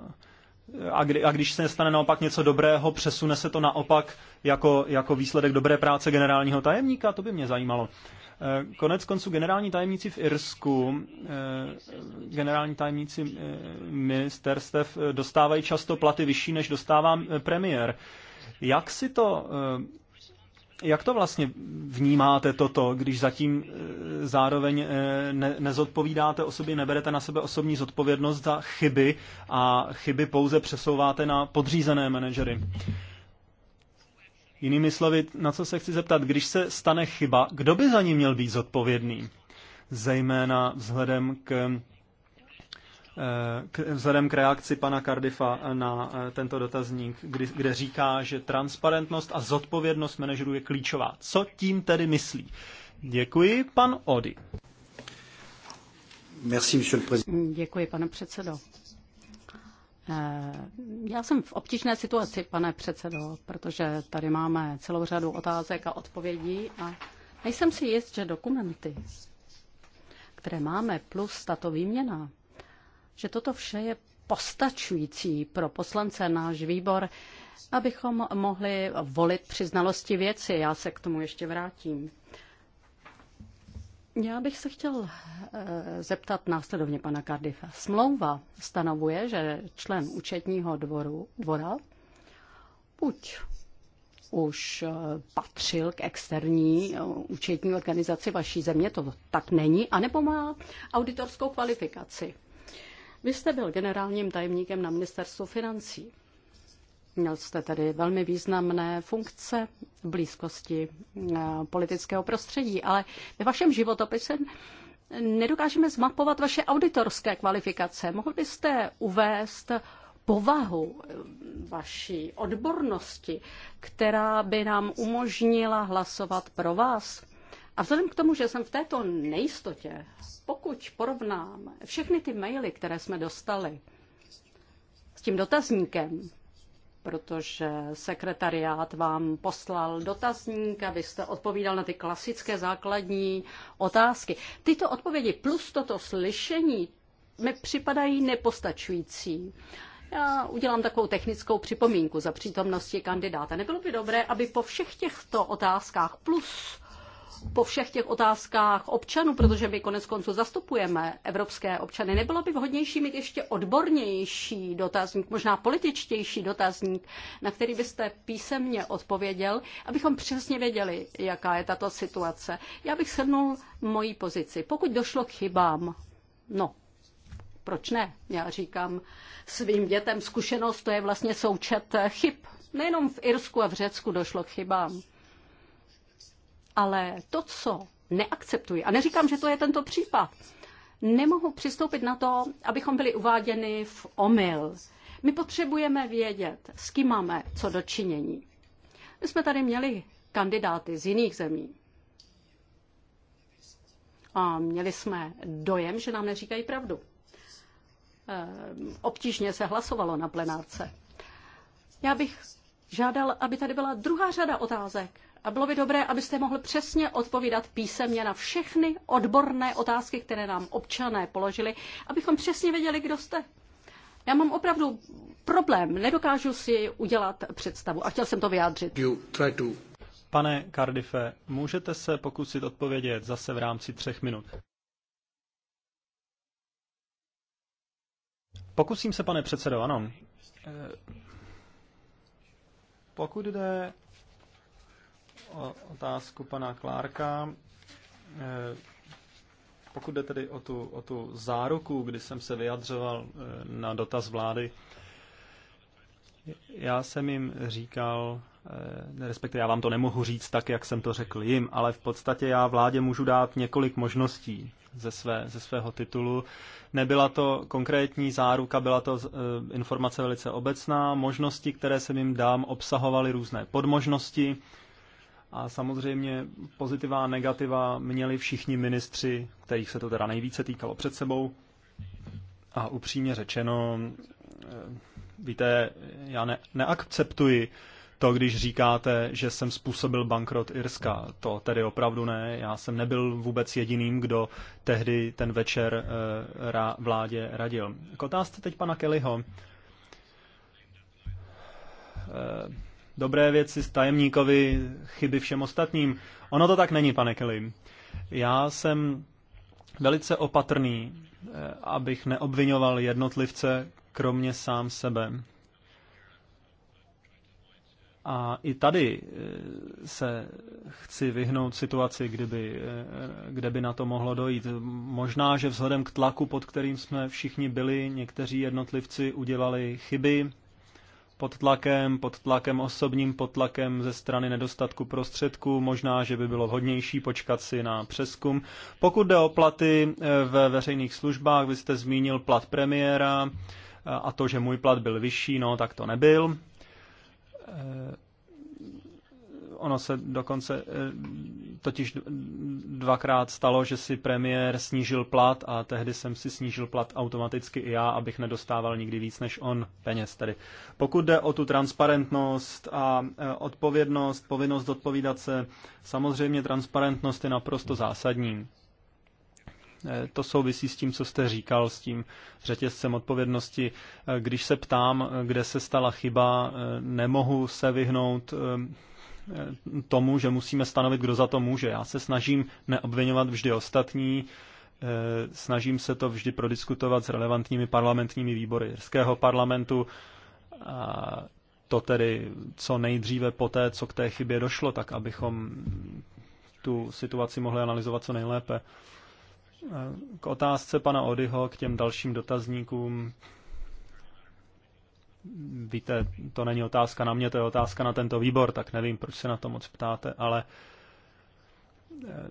a, kdy, a když se stane naopak něco dobrého, přesune se to naopak jako, jako výsledek dobré práce generálního tajemníka? To by mě zajímalo. Eh, konec konců generální tajemníci v Irsku, eh, generální tajemníci ministerstev dostávají často platy vyšší, než dostává premiér. Jak si to jak to vlastně vnímáte toto, když zatím e, zároveň e, ne, nezodpovídáte osobě, neberete na sebe osobní zodpovědnost za chyby a chyby pouze přesouváte na podřízené manažery? Jinými slovy, na co se chci zeptat, když se stane chyba, kdo by za ní měl být zodpovědný? Zejména vzhledem k Eh, vzhledem k reakci pana Cardiffa na eh, tento dotazník, kdy, kde říká, že transparentnost a zodpovědnost manažerů je klíčová. Co tím tedy myslí? Děkuji, pan Ody. Děkuji, pane předsedo. Eh, já jsem v obtížné situaci, pane předsedo, protože tady máme celou řadu otázek a odpovědí a nejsem si jist, že dokumenty, které máme, plus tato výměna, že toto vše je postačující pro poslance náš výbor, abychom mohli volit při znalosti věci. Já se k tomu ještě vrátím. Já bych se chtěl eh, zeptat následovně pana Cardiffa. Smlouva stanovuje, že člen účetního dvoru, dvora buď už eh, patřil k externí eh, účetní organizaci vaší země, to tak není, anebo má auditorskou kvalifikaci. Vy jste byl generálním tajemníkem na ministerstvu financí. Měl jste tedy velmi významné funkce v blízkosti eh, politického prostředí, ale ve vašem životopise nedokážeme zmapovat vaše auditorské kvalifikace. Mohl byste uvést povahu eh, vaší odbornosti, která by nám umožnila hlasovat pro vás? A vzhledem k tomu, že jsem v této nejistotě, pokud porovnám všechny ty maily, které jsme dostali s tím dotazníkem, protože sekretariát vám poslal dotazník abyste odpovídal na ty klasické základní otázky. Tyto odpovědi plus toto slyšení mi připadají nepostačující. Já udělám takovou technickou připomínku za přítomnosti kandidáta. Nebylo by dobré, aby po všech těchto otázkách plus po všech těch otázkách občanů, protože my konec konců zastupujeme evropské občany. Nebylo by vhodnější mít ještě odbornější dotazník, možná političtější dotazník, na který byste písemně odpověděl, abychom přesně věděli, jaká je tato situace. Já bych shrnul moji pozici. Pokud došlo k chybám, no, proč ne? Já říkám svým dětem, zkušenost to je vlastně součet chyb. Nejenom v Irsku a v Řecku došlo k chybám. Ale to, co neakceptuji, a neříkám, že to je tento případ, nemohu přistoupit na to, abychom byli uváděni v omyl. My potřebujeme vědět, s kým máme co dočinění. My jsme tady měli kandidáty z jiných zemí. A měli jsme dojem, že nám neříkají pravdu. Ehm, obtížně se hlasovalo na plenárce. Já bych žádal, aby tady byla druhá řada otázek, a bylo by dobré, abyste mohl přesně odpovídat písemně na všechny odborné otázky, které nám občané položili, abychom přesně věděli, kdo jste. Já mám opravdu problém, nedokážu si udělat představu a chtěl jsem to vyjádřit. Pane Cardiffe, můžete se pokusit odpovědět zase v rámci třech minut? Pokusím se, pane předsedo, ano. Eh, pokud jde otázku pana Klárka. Eh, pokud jde tedy o tu, o tu záruku, kdy jsem se vyjadřoval eh, na dotaz vlády, já jsem jim říkal, eh, respektive já vám to nemohu říct tak, jak jsem to řekl jim, ale v podstatě já vládě můžu dát několik možností ze, své, ze svého titulu. Nebyla to konkrétní záruka, byla to informace velice obecná. Možnosti, které jsem jim dám, obsahovaly různé podmožnosti a samozřejmě pozitiva a negativa měli všichni ministři, kterých se to teda nejvíce týkalo před sebou. A upřímně řečeno, eh, víte, já ne, neakceptuji to, když říkáte, že jsem způsobil bankrot Irska. To tedy opravdu ne. Já jsem nebyl vůbec jediným, kdo tehdy ten večer eh, ra, vládě radil. K otázce teď pana Kellyho eh, dobré věci s tajemníkovi, chyby všem ostatním. Ono to tak není, pane Kelly. Já jsem velice opatrný, eh, abych neobvinoval jednotlivce kromě sám sebe. A i tady eh, se chci vyhnout situaci, kdyby, eh, kde by na to mohlo dojít. Možná, že vzhledem k tlaku, pod kterým jsme všichni byli, někteří jednotlivci udělali chyby, pod tlakem, pod tlakem osobním, pod tlakem ze strany nedostatku prostředků. Možná, že by bylo vhodnější počkat si na přeskum. Pokud jde o platy eh, ve veřejných službách, vy jste zmínil plat premiéra eh, a to, že můj plat byl vyšší, no tak to nebyl. Eh, Ono se dokonce eh, totiž dvakrát stalo, že si premiér snížil plat a tehdy jsem si snížil plat automaticky i já, abych nedostával nikdy víc než on peněz. Tedy pokud jde o tu transparentnost a eh, odpovědnost, povinnost odpovídat se, samozřejmě transparentnost je naprosto zásadní. Eh, to souvisí s tím, co jste říkal, s tím řetězcem odpovědnosti. Když se ptám, kde se stala chyba, nemohu se vyhnout Eh, tomu, že musíme stanovit, kdo za to může. Já se snažím neobvinovat vždy ostatní, eh, snažím se to vždy prodiskutovat s relevantními parlamentními výbory Jirského parlamentu, a to tedy co nejdříve po té, co k té chybě došlo, tak abychom tu situaci mohli analyzovat co nejlépe. Eh, k otázce pana Odyho, k těm dalším dotazníkům, Víte, to není otázka na mě, to je otázka na tento výbor, tak nevím, proč se na to moc ptáte, ale eh,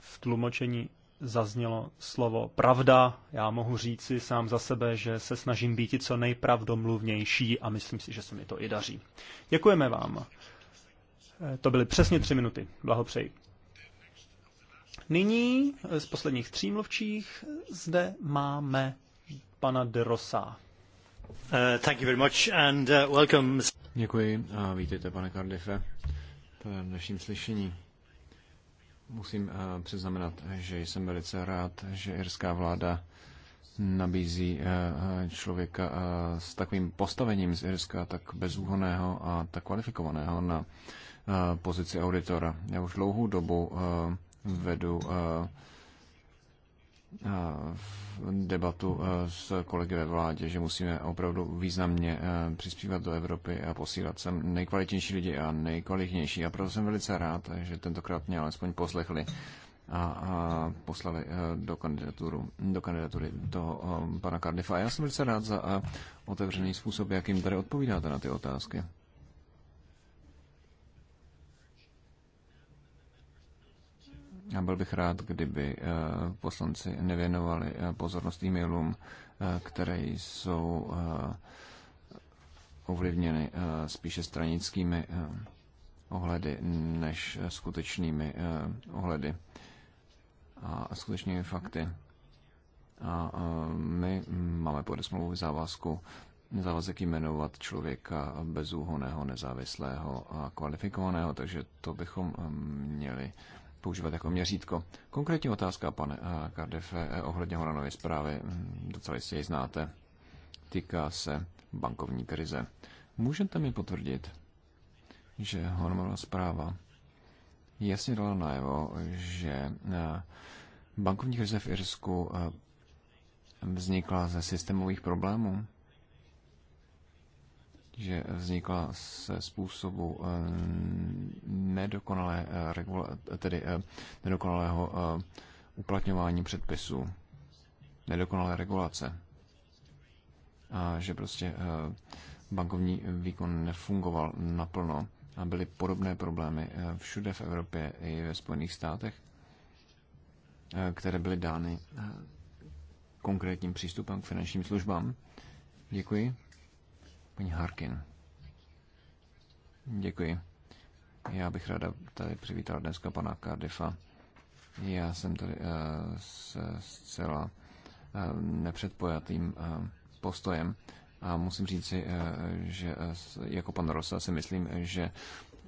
v tlumočení zaznělo slovo pravda. Já mohu říci sám za sebe, že se snažím být co nejpravdomluvnější a myslím si, že se mi to i daří. Děkujeme vám. Eh, to byly přesně tři minuty. Blahopřeji. Nyní eh, z posledních tří mluvčích zde máme pana Derosa. Uh, uh, Děkuji a vítejte, pane Cardiffe, v dnešním slyšení. Musím uh, přiznamenat, že jsem velice rád, že irská vláda nabízí člověka s takovým postavením z Irska, tak bezúhoného a tak kvalifikovaného na pozici auditora. Já už dlouhou dobu vedu debatu e, s kolegy ve vládě, že musíme opravdu významně e, přispívat do Evropy a posílat sem nejkvalitnější lidi a nejkvalitnější. A proto jsem velice rád, že tentokrát mě alespoň poslechli a, a poslali e, do, kandidaturu, do kandidatury toho pana Cardiffa. A já jsem velice rád za otevřený způsob, jakým tady odpovídáte na ty otázky. A byl bych rád, kdyby eh, poslanci nevěnovali eh, pozornost e-mailům, eh, které jsou ovlivněny spíše stranickými ohledy než skutečnými ohledy a skutečnými fakty. A my máme pod smlouvu závazku závazek jmenovat člověka bezúhoného, nezávislého a kvalifikovaného, takže to bychom měli používat jako měřítko. Konkrétní otázka, pane Kardef, eh, eh, ohledně Horanovy zprávy, mm, docela jistě ji znáte, týká se bankovní krize. Můžete mi potvrdit, že Horanova zpráva jasně dala najevo, že eh, bankovní krize v Irsku vznikla ze systémových problémů? že vznikla se způsobu eh, nedokonalé, eh, tedy eh, nedokonalého uplatňování předpisů, nedokonalé regulace. A že prostě bankovní výkon nefungoval naplno a byly podobné problémy všude v Evropě i ve Spojených státech, které byly dány konkrétním přístupem k finančním službám. Děkuji paní Harkin. Děkuji. Já bych ráda tady přivítal dneska pana Cardiffa. Já jsem tady uh, eh, s zcela uh, nepředpojatým uh, postojem a musím říct si, uh, že uh, jako pan Rosa si myslím, že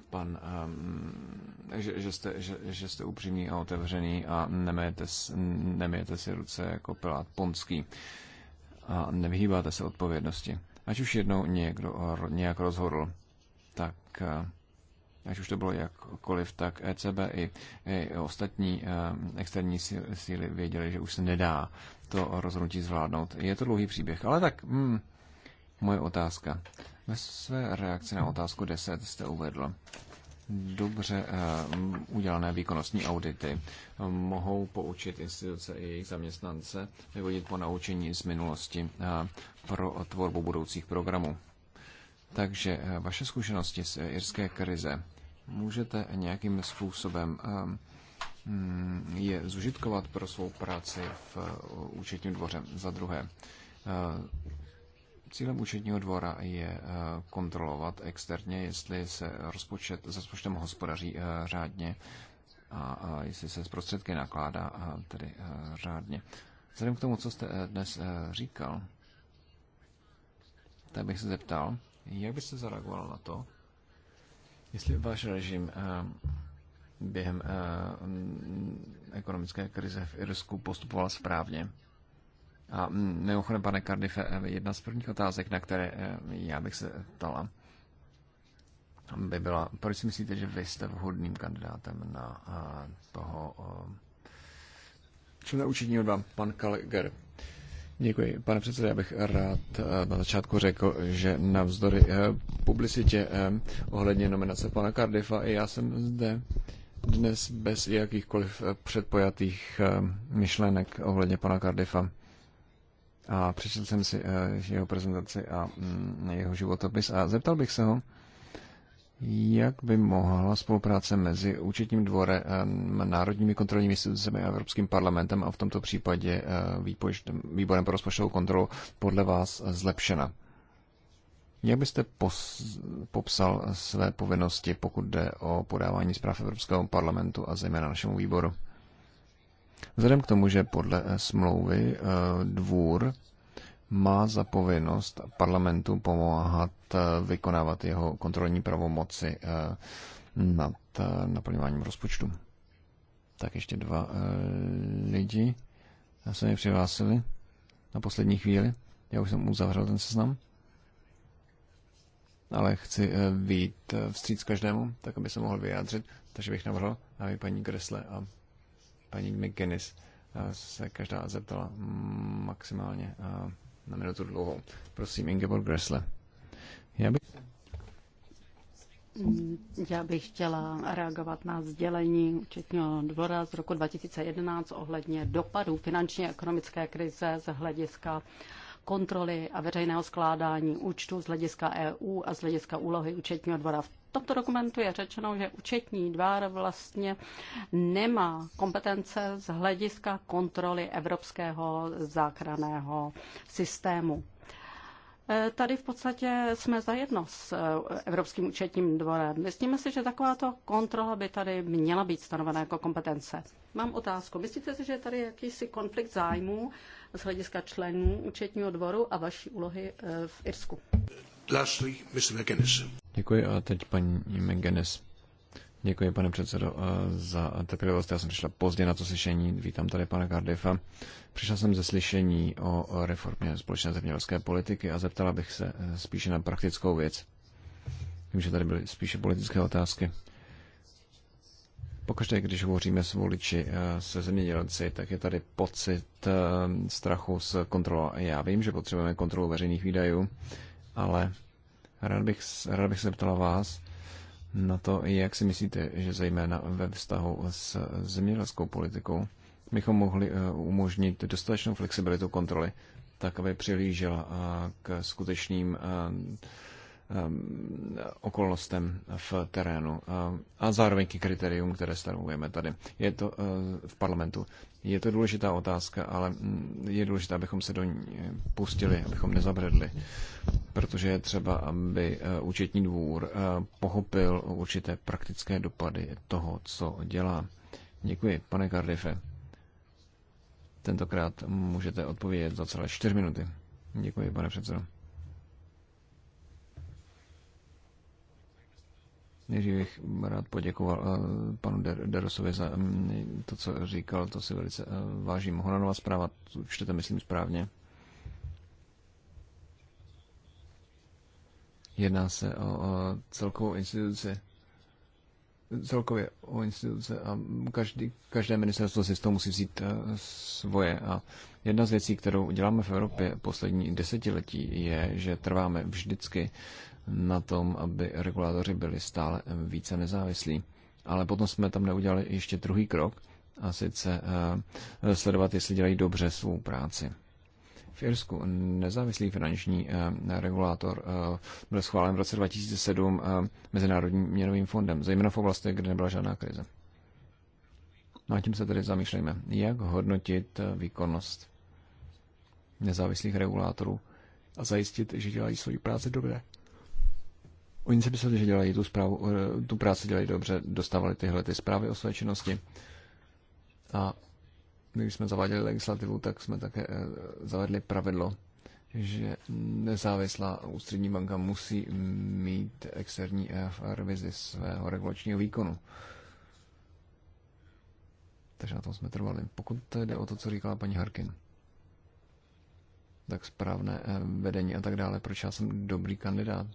pan, um, že, že, jste, že, že jste upřímný a otevřený a nemějete, nemějete si ruce jako Pilát Ponský a nevyhýbáte se odpovědnosti. Ať už jednou někdo nějak rozhodl, tak eh, ať už to bylo jakkoliv, tak ECB i, i ostatní eh, externí síly věděli, že už se nedá to rozhodnutí zvládnout. Je to dlouhý příběh, ale tak hmm, moje otázka. Ve své reakci na otázku 10 jste uvedl, dobře eh, udělané výkonnostní audity mohou poučit instituce i jejich zaměstnance, vyvodit po naučení z minulosti eh, pro tvorbu budoucích programů. Takže eh, vaše zkušenosti z irské krize můžete nějakým způsobem mm, je zužitkovat pro svou práci v účetním dvoře. Za druhé, Cílem účetního dvora je eh, kontrolovat externě, jestli se rozpočet s rozpočtem hospodaří eh, řádně a jestli se z prostředky nakládá eh, tedy řádně. Vzhledem k tomu, co jste dnes říkal, tak bych se zeptal, jak byste zareagoval na to, jestli váš režim během ekonomické krize v Irsku postupoval správně a mimochodem, pane Cardiffe, jedna z prvních otázek, na které eh, já bych se ptala, by byla, proč si myslíte, že vy jste vhodným kandidátem na eh, toho eh, člena od vám, pan Kaliger? Děkuji, pane předsedo. Já bych rád na začátku řekl, že navzdory publicitě ohledně nominace pana Cardiffa i já jsem zde dnes bez jakýchkoliv předpojatých myšlenek ohledně pana Cardiffa a přečetl jsem si eh, jeho prezentaci a mm, jeho životopis a zeptal bych se ho, jak by mohla spolupráce mezi účetním dvorem, eh, národními kontrolními institucemi a Evropským parlamentem a v tomto případě eh, výpočt, výborem pro rozpočtovou kontrolu podle vás zlepšena? Jak byste pos, popsal své povinnosti, pokud jde o podávání zpráv Evropského parlamentu a zejména našemu výboru? Vzhledem k tomu, že podle eh, smlouvy eh, dvůr má za povinnost parlamentu pomáhat eh, vykonávat jeho kontrolní pravomoci nad naplňováním rozpočtu. Tak ještě dva lidi se mi přihlásili na poslední chvíli. Já už jsem uzavřel ten seznam. Ale chci vít vstříc každému, tak aby se mohl vyjádřit. Takže bych navrhl, aby paní Gresle a paní McGinnis eh, se každá zeptala maximálně eh, na minutu dlouhou. Prosím, Ingeborg Gressle. Já bych... Mm, já bych chtěla reagovat na sdělení účetního dvora z roku 2011 ohledně dopadů finanční a ekonomické krize z hlediska kontroly a veřejného skládání účtu z hlediska EU a z hlediska úlohy účetního dvora v tomto dokumentu je řečeno, že účetní dvár vlastně nemá kompetence z hlediska kontroly evropského záchraného systému. E, tady v podstatě jsme zajedno s e, Evropským účetním dvorem. Myslíme si, že takováto kontrola by tady měla být stanovena jako kompetence. Mám otázku. Myslíte si, že tady je jakýsi konflikt zájmů z hlediska členů účetního dvoru a vaší úlohy e, v Irsku? Lastly, Děkuji a teď paní Megenes. Děkuji, pane předsedo, eh, za trpělivost. Já jsem přišla pozdě na to slyšení. Vítám tady pana Cardiffa. Přišla jsem ze slyšení o reformě společné zemědělské politiky a zeptala bych se eh, spíše na praktickou věc. Vím, že tady byly spíše politické otázky. Pokaždé, když hovoříme s voliči, eh, se zemědělci, tak je tady pocit strachu z kontrola. Já vím, že potřebujeme kontrolu veřejných výdajů, ale Rád bych, rád bych se zeptal vás na to, jak si myslíte, že zejména ve vztahu s zemědělskou politikou bychom mohli eh, umožnit dostatečnou flexibilitu kontroly, tak aby přilížela eh, k skutečným eh, Eh, okolnostem v terénu eh, a zároveň k kritérium, které stanovujeme tady. Je to eh, v parlamentu. Je to důležitá otázka, ale mm, je důležité, abychom se do ní pustili, abychom nezabředli, protože je třeba, aby účetní dvůr pochopil určité praktické dopady toho, co dělá. Děkuji, pane Cardiffe. Tentokrát můžete odpovědět za celé čtyři minuty. Děkuji, pane předsedo. Nejdřív bych rád poděkoval eh, panu Derosovi za mm, to, co říkal, to si velice eh, vážím. Honanova zpráva, čtete, myslím, správně. Jedná se o, o celkovou instituci, celkově o instituce a každý, každé ministerstvo si z toho musí vzít eh, svoje. A jedna z věcí, kterou děláme v Evropě poslední desetiletí, je, že trváme vždycky na tom, aby regulátoři byli stále více nezávislí. Ale potom jsme tam neudělali ještě druhý krok, a sice eh, sledovat, jestli dělají dobře svou práci. V Irsku nezávislý finanční eh, regulátor eh, byl schválen v roce 2007 Mezinárodním měnovým fondem, zejména v oblasti, kde nebyla žádná krize. No a tím se tedy zamýšlejme, jak hodnotit výkonnost nezávislých regulátorů a zajistit, že dělají svoji práci dobře. Oni si mysleli, že dělají tu, zprávu, eh, tu práci dělají dobře, dostávali tyhle ty zprávy o své činnosti. A když jsme zaváděli legislativu, tak jsme také eh, zavedli pravidlo, že nezávislá ústřední banka musí mít externí eh, revizi svého regulačního výkonu. Takže na tom jsme trvali. Pokud jde o to, co říkala paní Harkin, tak správné vedení a tak dále, proč já jsem dobrý kandidát?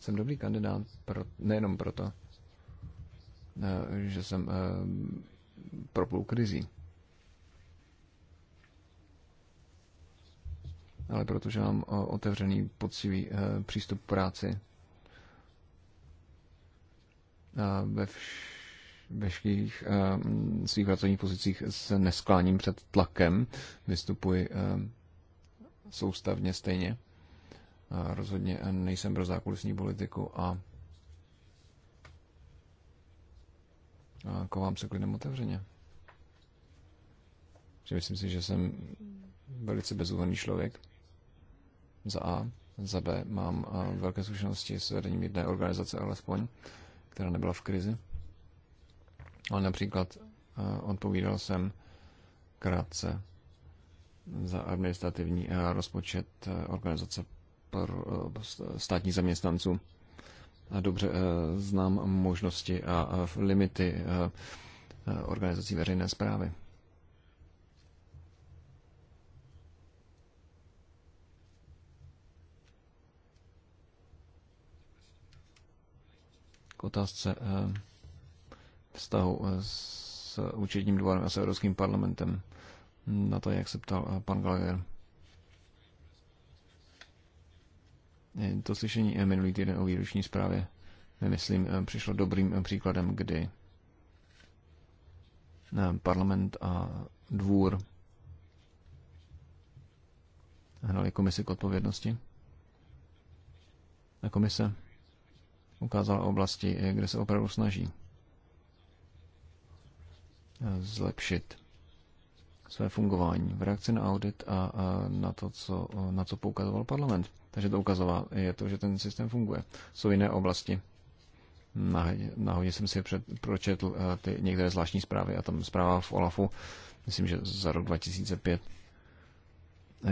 Jsem dobrý kandidát pro, nejenom proto, eh, že jsem eh, proplul krizí, ale protože mám eh, otevřený, poctivý přístup k práci ve vš- veškerých svých pracovních pozicích se neskláním před tlakem, vystupuji soustavně stejně rozhodně nejsem pro zákulisní politiku a a kovám se klidem otevřeně. Že myslím si, že jsem velice bezúhonný člověk. Za A. Za B mám velké zkušenosti s vedením jedné organizace, alespoň, která nebyla v krizi. Ale například odpovídal jsem krátce za administrativní rozpočet organizace Eh, eh, státní zaměstnanců. A dobře eh, znám možnosti a limity organizací veřejné zprávy. K otázce vztahu s účetním dvorem a s Evropským parlamentem na to, jak se ptal pan Gallagher. Eh, to slyšení eh, minulý týden o výroční zprávě, eh, myslím, přišlo dobrým příkladem, kdy parlament a dvůr hnali komisi k odpovědnosti. A komise ukázala oblasti, kde se opravdu snaží zlepšit své fungování v reakci na audit a na to, co, na co poukazoval parlament. Takže to ukazoval je to, že ten systém funguje. Jsou jiné oblasti. Nahodně jsem si před, pročetl eh, ty některé zvláštní zprávy a tam zpráva v OLAFu, myslím, že za rok 2005,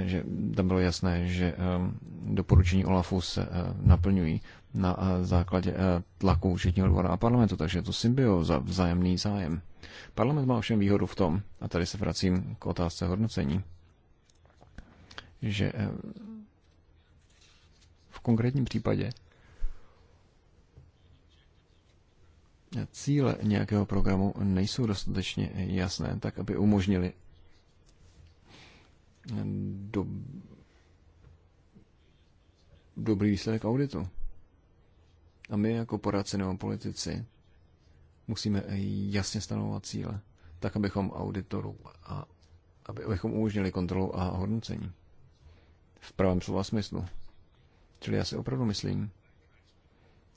že tam bylo jasné, že ehm, doporučení OLAFu se eh, naplňují na eh, základě tlaku Všetního dvora a parlamentu, takže je to symbioza, vzájemný zájem. Parlament má ovšem výhodu v tom, a tady se vracím k otázce hodnocení, že v konkrétním případě cíle nějakého programu nejsou dostatečně jasné, tak aby umožnili do... dobrý výsledek auditu. A my jako poradci nebo politici musíme jasně stanovovat cíle, tak abychom auditoru a abychom umožnili kontrolu a hodnocení. V pravém slova smyslu. Čili já si opravdu myslím,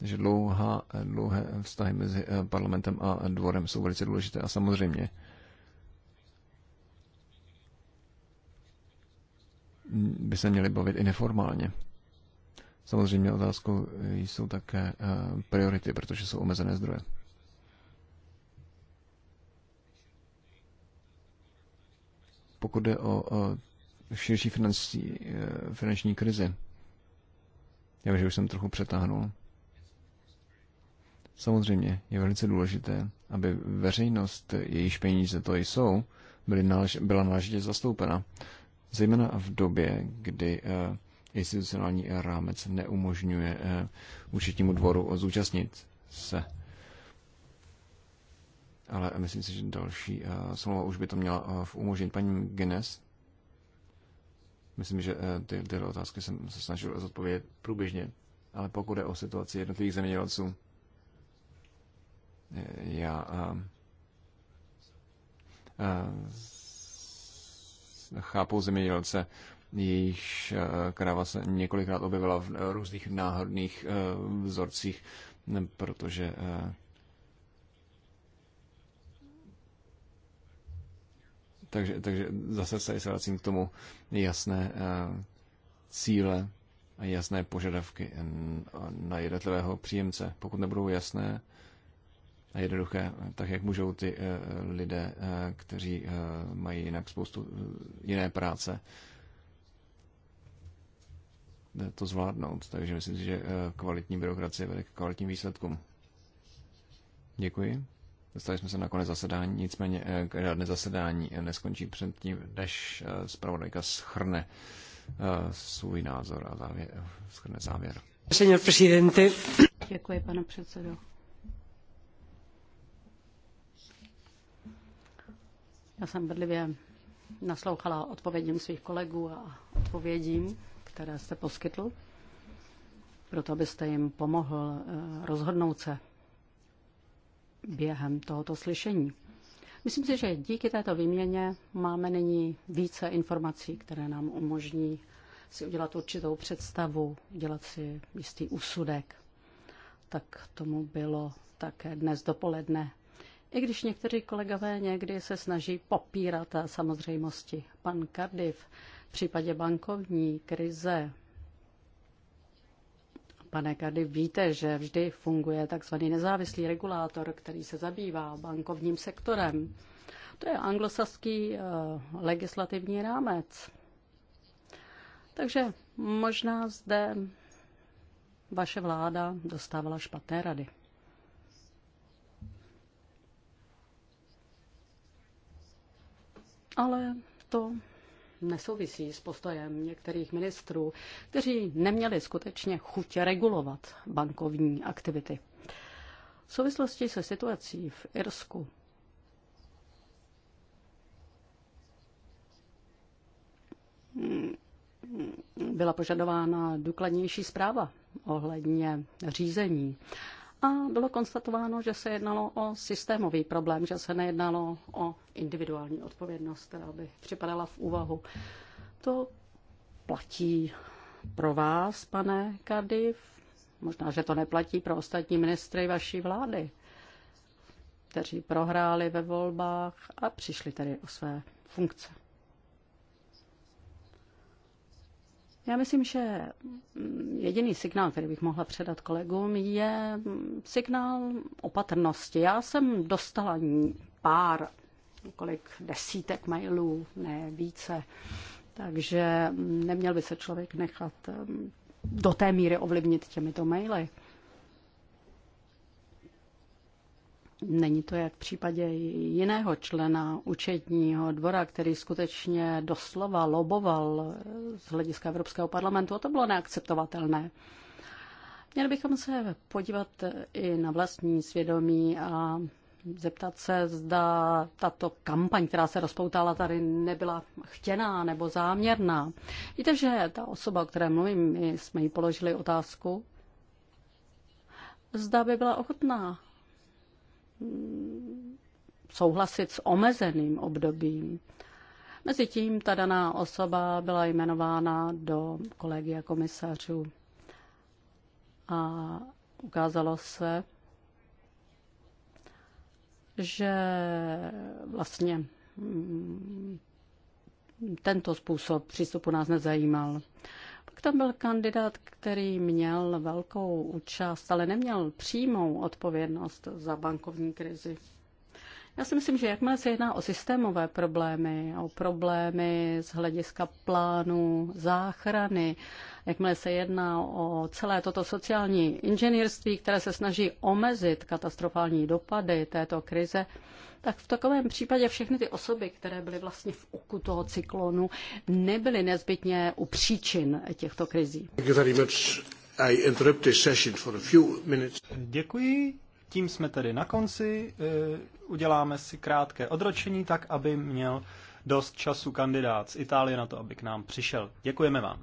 že dlouhá, dlouhé vztahy mezi eh, parlamentem a dvorem jsou velice důležité a samozřejmě by se měli bavit i neformálně. Samozřejmě otázkou jsou také eh, priority, protože jsou omezené zdroje. Pokud jde o širší finanční, eh, finanční krizi, já vím, že už jsem trochu přetáhnul. Samozřejmě je velice důležité, aby veřejnost, jejíž peníze to jsou, byly nalež, byla náležitě zastoupena. Zejména v době, kdy eh, institucionální rámec neumožňuje eh, účetnímu dvoru zúčastnit se. Ale myslím si, že další eh, slova už by to měla eh, umožnit paní Guinness. Myslím, že eh, ty, tyhle otázky jsem se snažil zodpovědět průběžně, ale pokud je o situaci jednotlivých zemědělců, eh, já a, eh, a, chápu zemědělce, jejichž kráva se několikrát objevila v různých náhodných vzorcích, protože takže, takže zase se vracím k tomu jasné eh, cíle a jasné požadavky na jednotlivého příjemce. Pokud nebudou jasné a jednoduché, tak jak můžou ty eh, lidé, eh, kteří mají jinak spoustu jiné práce, to zvládnout. Takže myslím si, že kvalitní byrokracie vede k kvalitním výsledkům. Děkuji. Dostali jsme se na konec zasedání, nicméně eh, žádné zasedání eh, neskončí před tím, než eh, zpravodajka schrne svůj názor a závěr, schrne závěr. Senor presidente. Děkuji, pane předsedo. Já jsem bedlivě naslouchala odpovědím svých kolegů a odpovědím, které jste poskytl, proto abyste jim pomohl rozhodnout se během tohoto slyšení. Myslím si, že díky této výměně máme nyní více informací, které nám umožní si udělat určitou představu, udělat si jistý úsudek. Tak tomu bylo také dnes dopoledne. I když někteří kolegové někdy se snaží popírat a samozřejmosti. Pan Cardiff v případě bankovní krize Pane Kady, víte, že vždy funguje takzvaný nezávislý regulátor, který se zabývá bankovním sektorem. To je anglosaský eh, legislativní rámec. Takže možná zde vaše vláda dostávala špatné rady. Ale to nesouvisí s postojem některých ministrů, kteří neměli skutečně chuť regulovat bankovní aktivity. V souvislosti se situací v Irsku byla požadována důkladnější zpráva ohledně řízení a bylo konstatováno, že se jednalo o systémový problém, že se nejednalo o individuální odpovědnost, která by připadala v úvahu. To platí pro vás, pane Cardiff, možná, že to neplatí pro ostatní ministry vaší vlády, kteří prohráli ve volbách a přišli tedy o své funkce. Já myslím, že mm, jediný signál, který bych mohla předat kolegům, je mm, signál opatrnosti. Já jsem dostala pár, kolik desítek mailů, ne více, takže mm, neměl by se člověk nechat do té míry ovlivnit těmito maily. Není to jak v případě jiného člena účetního dvora, který skutečně doslova loboval z hlediska Evropského parlamentu a to bylo neakceptovatelné. Měli bychom se podívat i na vlastní svědomí a zeptat se, zda tato kampaň, která se rozpoutala tady, nebyla chtěná nebo záměrná. Víte, že ta osoba, o které mluvím, my jsme jí položili otázku, zda by byla ochotná souhlasit s omezeným obdobím. Mezitím ta daná osoba byla jmenována do kolegia komisařů a ukázalo se, že vlastně mm, tento způsob přístupu nás nezajímal. Pak tam byl kandidát, který měl velkou účast, ale neměl přímou odpovědnost za bankovní krizi. Já si myslím, že jakmile se jedná o systémové problémy, o problémy z hlediska plánu, záchrany, jakmile se jedná o celé toto sociální inženýrství, které se snaží omezit katastrofální dopady této krize, tak v takovém případě všechny ty osoby, které byly vlastně v oku toho cyklonu, nebyly nezbytně u příčin těchto krizí. Děkuji. Tím jsme tedy na konci, e, uděláme si krátké odročení, tak aby měl dost času kandidát z Itálie na to, aby k nám přišel. Děkujeme vám.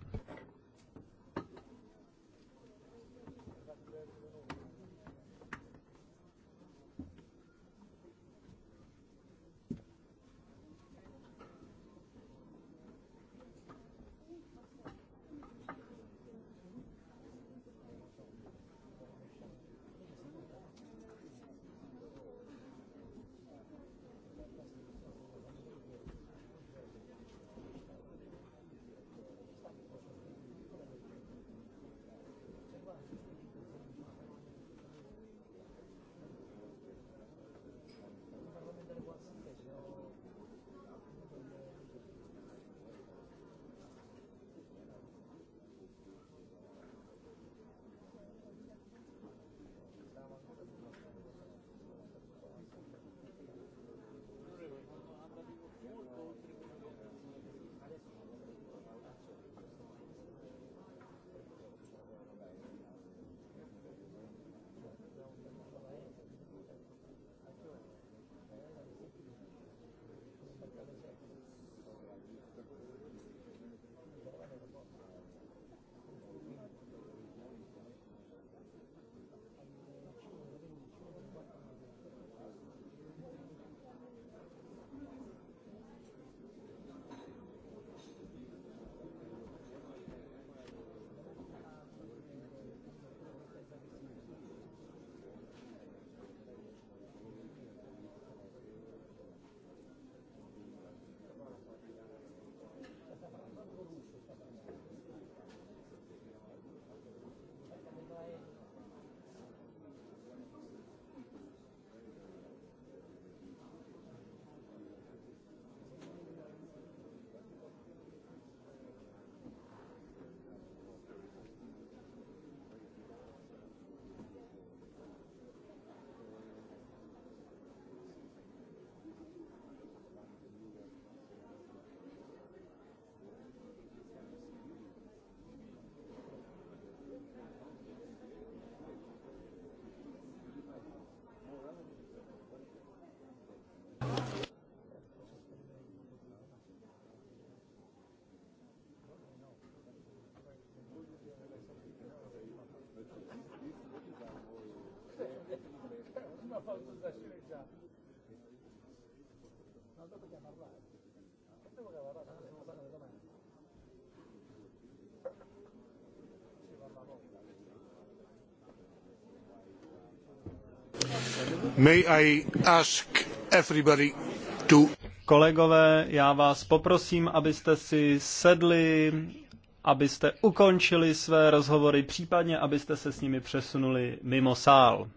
ma dopo che Non devo che May I ask everybody to... Kolegové, já vás poprosím, abyste si sedli, abyste ukončili své rozhovory, případně abyste se s nimi přesunuli mimo sál.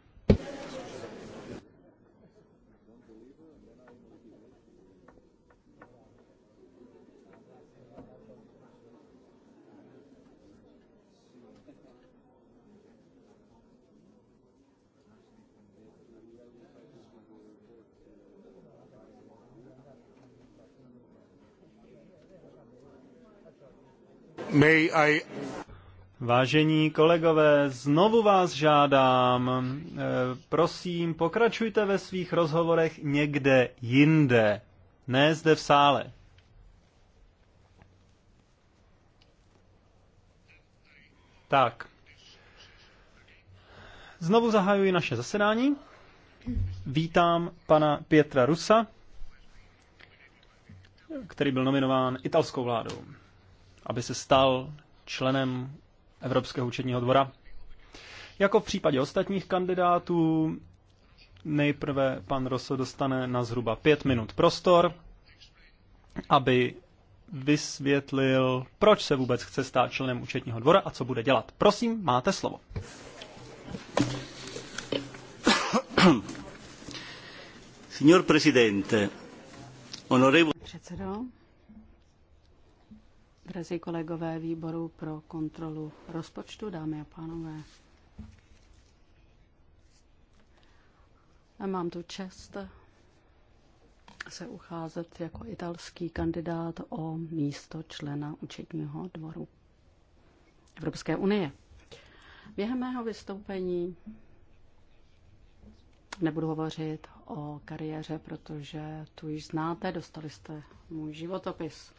May I... Vážení kolegové, znovu vás žádám, eh, prosím, pokračujte ve svých rozhovorech někde jinde, ne zde v sále. Tak. Znovu zahajuji naše zasedání. Vítám pana Pietra Rusa, který byl nominován italskou vládou aby se stal členem Evropského účetního dvora. Jako v případě ostatních kandidátů, nejprve pan Rosso dostane na zhruba pět minut prostor, aby vysvětlil, proč se vůbec chce stát členem účetního dvora a co bude dělat. Prosím, máte slovo. Signor Presidente, onorevole... Předsedo, Drazí kolegové výboru pro kontrolu rozpočtu, dámy a pánové. Mám tu čest se ucházet jako italský kandidát o místo člena účetního dvoru Evropské unie. Během mého vystoupení nebudu hovořit o kariéře, protože tu již znáte, dostali jste můj životopis.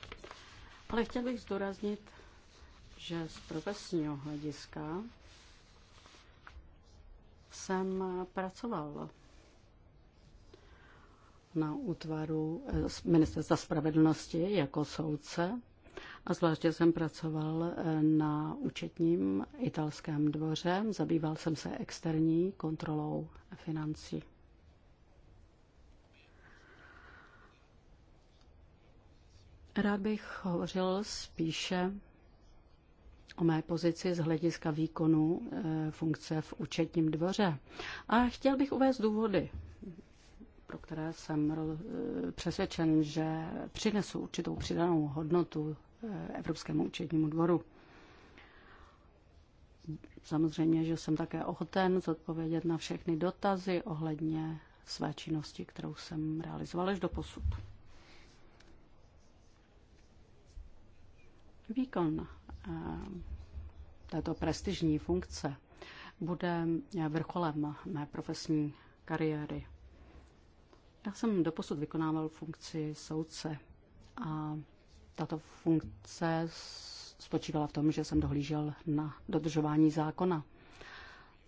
Ale chtěl bych zdůraznit, že z profesního hlediska jsem pracoval na útvaru eh, Ministerstva spravedlnosti jako soudce a zvláště jsem pracoval eh, na účetním italském dvoře. Zabýval jsem se externí kontrolou financí. Rád bych hovořil spíše o mé pozici z hlediska výkonu eh, funkce v účetním dvoře. A chtěl bych uvést důvody, pro které jsem eh, přesvědčen, že přinesu určitou přidanou hodnotu eh, Evropskému účetnímu dvoru. Samozřejmě, že jsem také ochoten zodpovědět na všechny dotazy ohledně své činnosti, kterou jsem realizoval až do posud. Výkon eh, této prestižní funkce bude vrcholem mé profesní kariéry. Já jsem doposud vykonával funkci soudce a tato funkce spočívala v tom, že jsem dohlížel na dodržování zákona.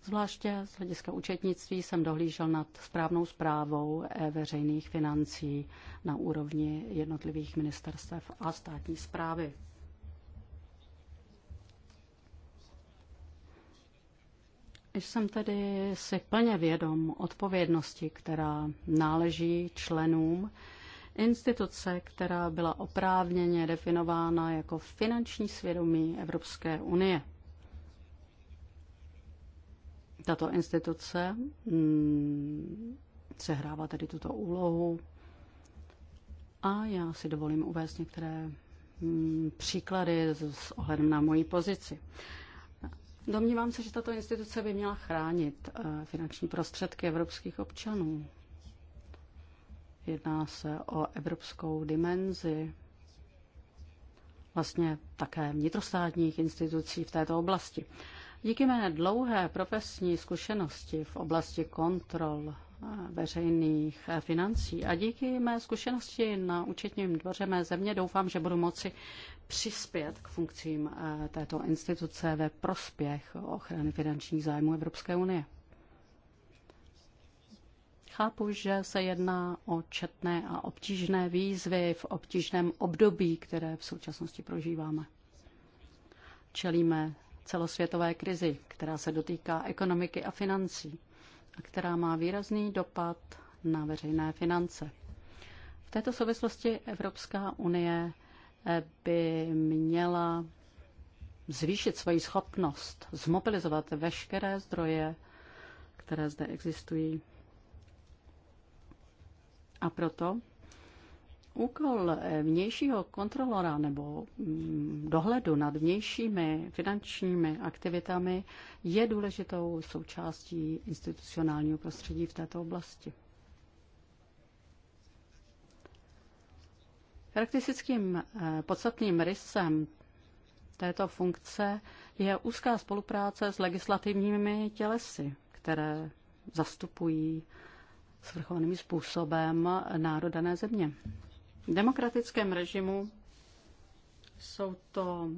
Zvláště z hlediska účetnictví jsem dohlížel nad správnou zprávou veřejných financí na úrovni jednotlivých ministerstev a státní zprávy. Jsem tedy si plně vědom odpovědnosti, která náleží členům instituce, která byla oprávněně definována jako finanční svědomí Evropské unie. Tato instituce hmm, sehrává tedy tuto úlohu a já si dovolím uvést některé hmm, příklady s ohledem na moji pozici. Domnívám se, že tato instituce by měla chránit eh, finanční prostředky evropských občanů. Jedná se o evropskou dimenzi vlastně také vnitrostátních institucí v této oblasti. Díky mé dlouhé profesní zkušenosti v oblasti kontrol veřejných financí a díky mé zkušenosti na účetním dvoře mé země doufám, že budu moci přispět k funkcím eh, této instituce ve prospěch ochrany finančních zájmů Evropské unie. Chápu, že se jedná o četné a obtížné výzvy v obtížném období, které v současnosti prožíváme. Čelíme celosvětové krizi, která se dotýká ekonomiky a financí která má výrazný dopad na veřejné finance. V této souvislosti Evropská unie eh, by měla zvýšit svoji schopnost zmobilizovat veškeré zdroje, které zde existují. A proto Úkol eh, vnějšího kontrolora nebo mm, dohledu nad vnějšími finančními aktivitami je důležitou součástí institucionálního prostředí v této oblasti. Charakteristickým eh, podstatným rysem této funkce je úzká spolupráce s legislativními tělesy, které zastupují svrchovaným způsobem národané země. V demokratickém režimu jsou to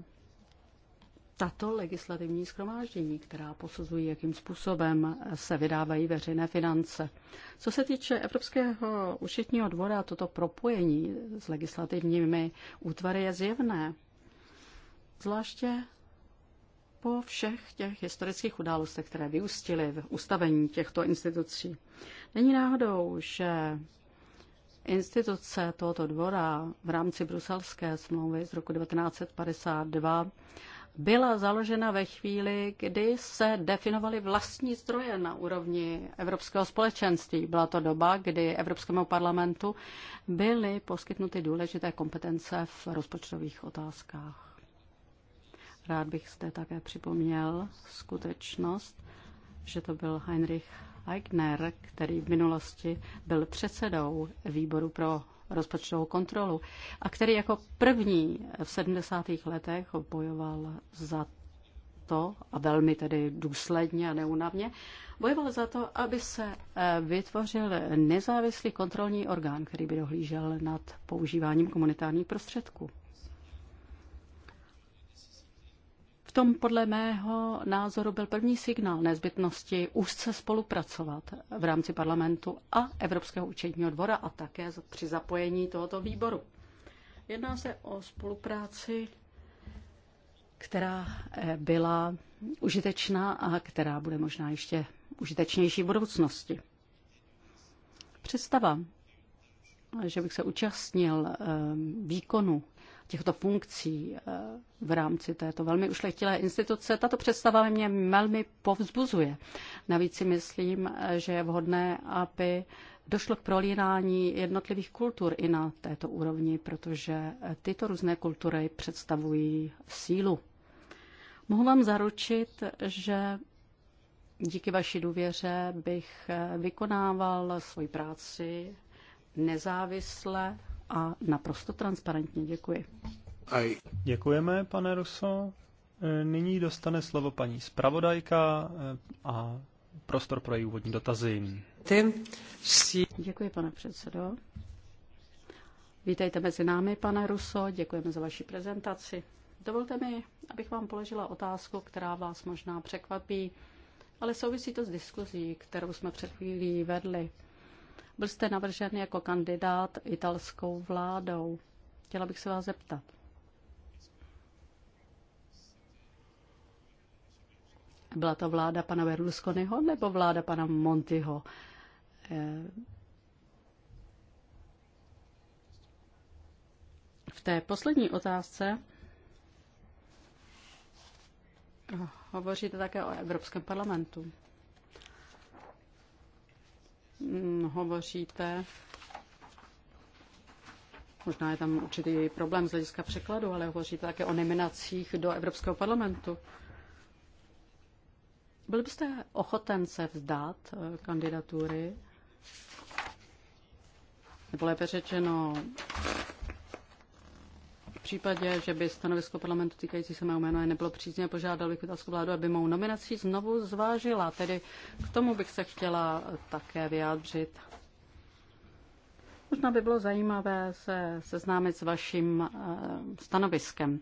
tato legislativní schromáždění, která posuzují, jakým způsobem se vydávají veřejné finance. Co se týče Evropského účetního dvora, toto propojení s legislativními útvary je zjevné. Zvláště po všech těch historických událostech, které vyústily v ustavení těchto institucí. Není náhodou, že Instituce tohoto dvora v rámci bruselské smlouvy z roku 1952 byla založena ve chvíli, kdy se definovaly vlastní zdroje na úrovni Evropského společenství. Byla to doba, kdy Evropskému parlamentu byly poskytnuty důležité kompetence v rozpočtových otázkách. Rád bych zde také připomněl skutečnost, že to byl Heinrich Eichner, který v minulosti byl předsedou výboru pro rozpočtovou kontrolu a který jako první v 70. letech bojoval za to, a velmi tedy důsledně a neunavně, bojoval za to, aby se eh, vytvořil nezávislý kontrolní orgán, který by dohlížel nad používáním komunitárních prostředků. tom podle mého názoru byl první signál nezbytnosti úzce spolupracovat v rámci parlamentu a Evropského účetního dvora a také při zapojení tohoto výboru. Jedná se o spolupráci, která eh, byla užitečná a která bude možná ještě užitečnější v budoucnosti. Představa, že bych se účastnil eh, výkonu těchto funkcí eh, v rámci této velmi ušlechtilé instituce. Tato představa mě velmi povzbuzuje. Navíc si myslím, že je vhodné, aby došlo k prolínání jednotlivých kultur i na této úrovni, protože tyto různé kultury představují sílu. Mohu vám zaručit, že díky vaší důvěře bych vykonával svoji práci nezávisle a naprosto transparentně. Děkuji. Aj. Děkujeme, pane Ruso. E, nyní dostane slovo paní zpravodajka e, a prostor pro její úvodní dotazy. Děkuji, pane předsedo. Vítejte mezi námi, pane Ruso, děkujeme za vaši prezentaci. Dovolte mi, abych vám položila otázku, která vás možná překvapí, ale souvisí to s diskuzí, kterou jsme před chvílí vedli. Byl jste navržen jako kandidát italskou vládou. Chtěla bych se vás zeptat. Byla to vláda pana Berlusconiho nebo vláda pana Montiho? V té poslední otázce hovoříte také o Evropském parlamentu. Mm, hovoříte. Možná je tam určitý problém z hlediska překladu, ale hovoříte také o nominacích do Evropského parlamentu. Byl byste ochoten se vzdát eh, kandidatury? Nebo lépe řečeno, případě, že by stanovisko parlamentu týkající se mého jména nebylo přízně, požádal bych italskou vládu, aby mou nominaci znovu zvážila. Tedy k tomu bych se chtěla také vyjádřit. Možná by bylo zajímavé se seznámit s vaším eh, stanoviskem.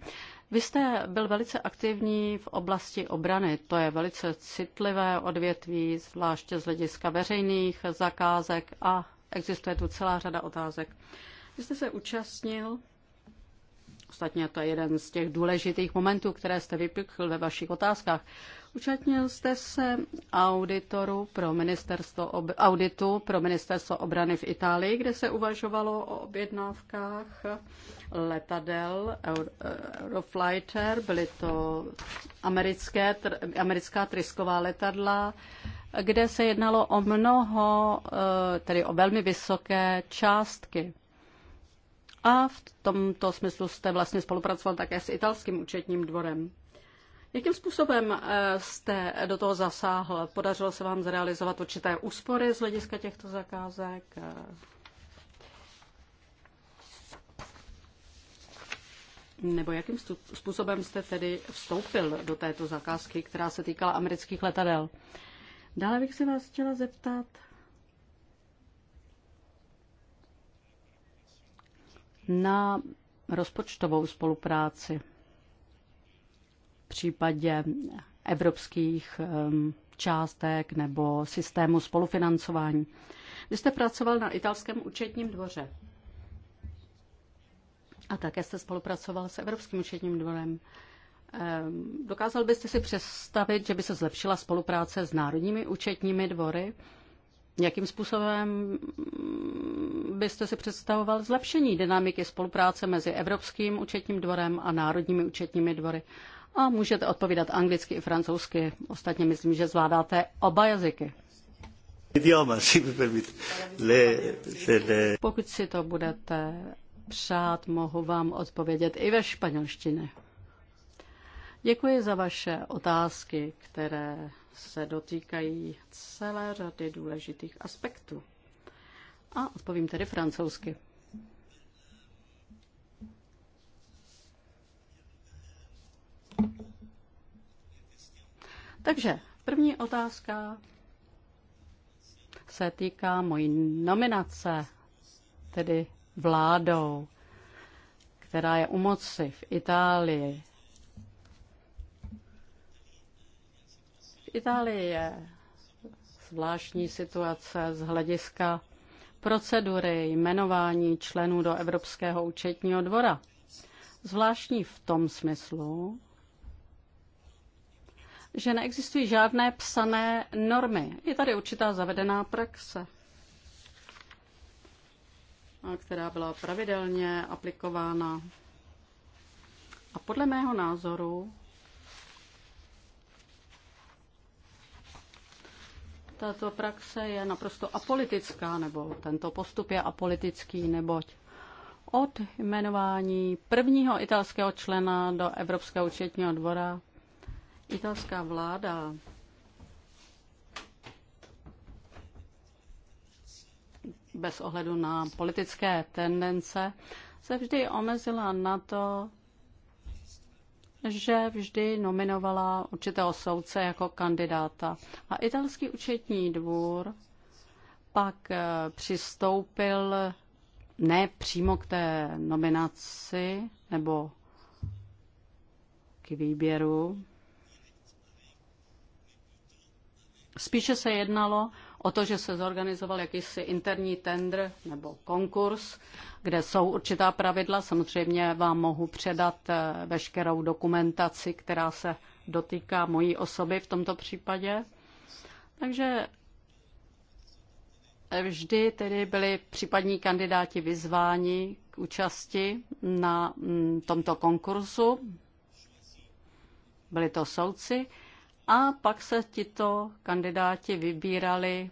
Vy jste byl velice aktivní v oblasti obrany. To je velice citlivé odvětví, zvláště z hlediska veřejných zakázek a existuje tu celá řada otázek. Vy jste se účastnil Ostatně to je jeden z těch důležitých momentů, které jste vypichl ve vašich otázkách. Učetnil jste se auditoru pro ministerstvo ob- auditu pro ministerstvo obrany v Itálii, kde se uvažovalo o objednávkách letadel Euroflighter. Byly to americké, americká trysková letadla, kde se jednalo o mnoho, eh, tedy o velmi vysoké částky a v tomto smyslu jste vlastně spolupracoval také s italským účetním dvorem. Jakým způsobem eh, jste do toho zasáhl? Podařilo se vám zrealizovat určité úspory z hlediska těchto zakázek? Nebo jakým způsobem jste tedy vstoupil do této zakázky, která se týkala amerických letadel? Dále bych se vás chtěla zeptat na rozpočtovou spolupráci v případě evropských ehm, částek nebo systému spolufinancování. Vy jste pracoval na italském účetním dvoře a také jste spolupracoval s Evropským účetním dvorem. Ehm, dokázal byste si představit, že by se zlepšila spolupráce s národními účetními dvory Jakým způsobem byste si představoval zlepšení dynamiky spolupráce mezi Evropským účetním dvorem a národními účetními dvory? A můžete odpovídat anglicky i francouzsky. Ostatně myslím, že zvládáte oba jazyky. Pokud si to budete přát, mohu vám odpovědět i ve španělštině. Děkuji za vaše otázky, které se dotýkají celé řady důležitých aspektů. A odpovím tedy francouzsky. Takže první otázka se týká mojí nominace, tedy vládou, která je u moci v Itálii Itálii je zvláštní situace z hlediska procedury jmenování členů do Evropského účetního dvora. Zvláštní v tom smyslu, že neexistují žádné psané normy. Je tady určitá zavedená praxe, která byla pravidelně aplikována. A podle mého názoru Tato praxe je naprosto apolitická, nebo tento postup je apolitický, neboť od jmenování prvního italského člena do Evropského účetního dvora italská vláda bez ohledu na politické tendence se vždy omezila na to, že vždy nominovala určitého soudce jako kandidáta. A italský účetní dvůr pak eh, přistoupil ne přímo k té nominaci nebo k výběru. Spíše se jednalo o to, že se zorganizoval jakýsi interní tender nebo konkurs, kde jsou určitá pravidla. Samozřejmě vám mohu předat eh, veškerou dokumentaci, která se dotýká mojí osoby v tomto případě. Takže eh, vždy tedy byli případní kandidáti vyzváni k účasti na mm, tomto konkursu. Byli to soudci a pak se tito kandidáti vybírali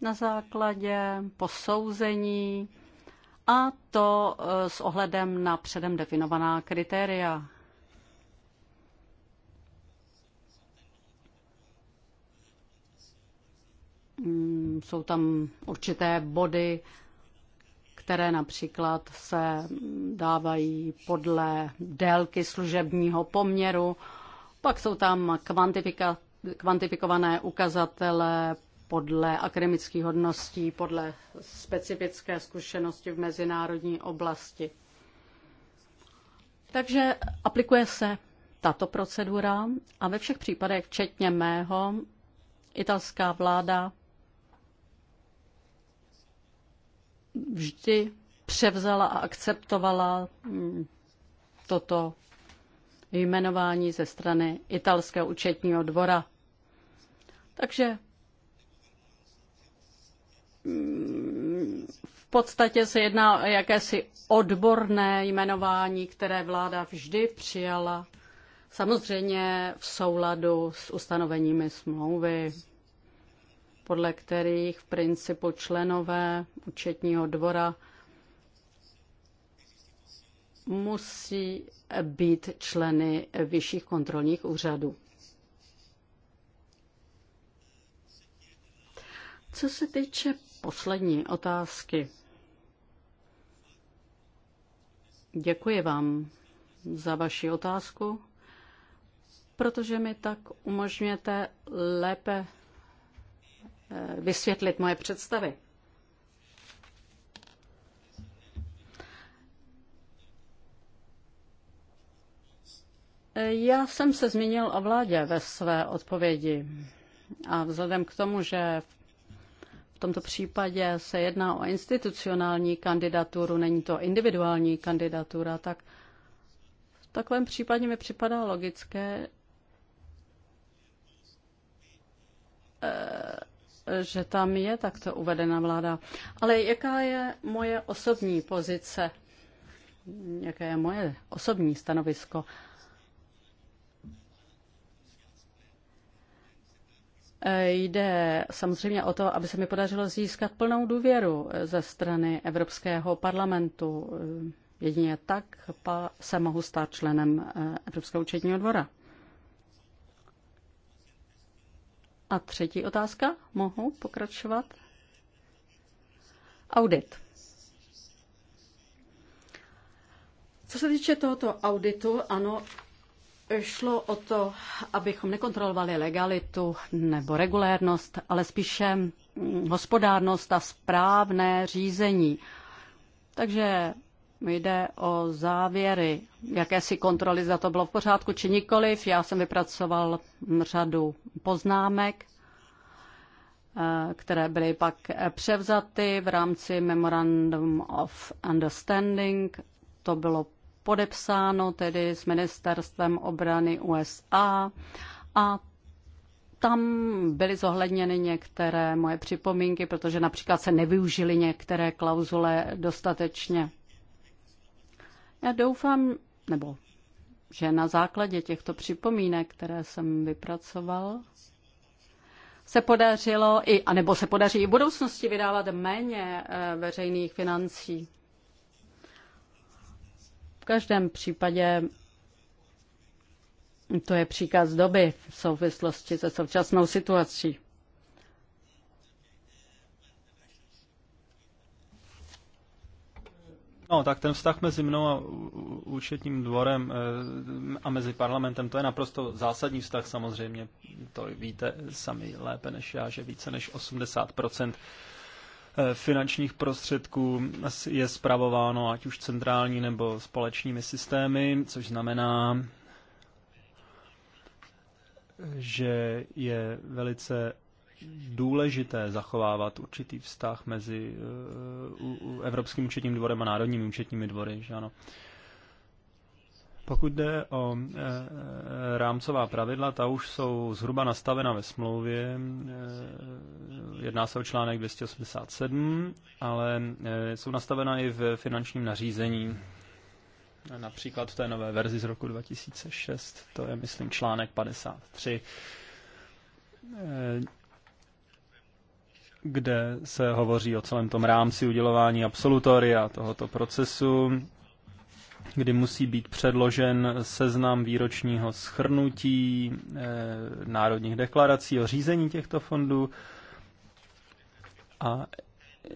na základě posouzení a to e, s ohledem na předem definovaná kritéria. Mm, jsou tam určité body, které například se dávají podle délky služebního poměru, pak jsou tam kvantifika, kvantifikované ukazatele podle akademických hodností, podle specifické zkušenosti v mezinárodní oblasti. Takže aplikuje se tato procedura a ve všech případech, včetně mého, italská vláda vždy převzala a akceptovala mm, toto jmenování ze strany italského účetního dvora. Takže mm, v podstatě se jedná o jakési odborné jmenování, které vláda vždy přijala, samozřejmě v souladu s ustanoveními smlouvy, podle kterých v principu členové účetního dvora musí být členy vyšších kontrolních úřadů. Co se týče poslední otázky, děkuji vám za vaši otázku, protože mi tak umožňujete lépe eh, vysvětlit moje představy. Já jsem se zmínil o vládě ve své odpovědi a vzhledem k tomu, že v tomto případě se jedná o institucionální kandidaturu, není to individuální kandidatura, tak v takovém případě mi připadá logické, eh, že tam je takto uvedena vláda. Ale jaká je moje osobní pozice? Jaké je moje osobní stanovisko? Jde samozřejmě o to, aby se mi podařilo získat plnou důvěru eh, ze strany Evropského parlamentu. Eh, jedině tak se mohu stát členem eh, Evropského účetního dvora. A třetí otázka, mohu pokračovat? Audit. Co se týče tohoto auditu, ano, Šlo o to, abychom nekontrolovali legalitu nebo regulérnost, ale spíše mm, hospodárnost a správné řízení. Takže jde o závěry, Jaké si kontroly, za to bylo v pořádku či nikoliv. Já jsem vypracoval mm, řadu poznámek, eh, které byly pak převzaty v rámci Memorandum of Understanding. To bylo podepsáno tedy s ministerstvem obrany USA a tam byly zohledněny některé moje připomínky, protože například se nevyužily některé klauzule dostatečně. Já doufám, nebo že na základě těchto připomínek, které jsem vypracoval, se podařilo, i, anebo se podaří i v budoucnosti vydávat méně eh, veřejných financí. V každém případě to je příkaz doby v souvislosti se současnou situací. No, tak ten vztah mezi mnou a účetním dvorem eh, a mezi parlamentem, to je naprosto zásadní vztah samozřejmě. To víte sami lépe než já, že více než 80 Eh, finančních prostředků je zpravováno ať už centrální nebo společními systémy, což znamená, že je velice důležité zachovávat určitý vztah mezi eh, Evropským účetním dvorem a Národními účetními dvory. Že ano? Pokud jde o e, e, rámcová pravidla, ta už jsou zhruba nastavena ve smlouvě. E, jedná se o článek 287, ale jsou nastavena i v finančním nařízení. Například v té nové verzi z roku 2006, to je, myslím, článek 53 kde se hovoří o celém tom rámci udělování absolutoria tohoto procesu kdy musí být předložen seznam výročního schrnutí eh, národních deklarací o řízení těchto fondů. A eh,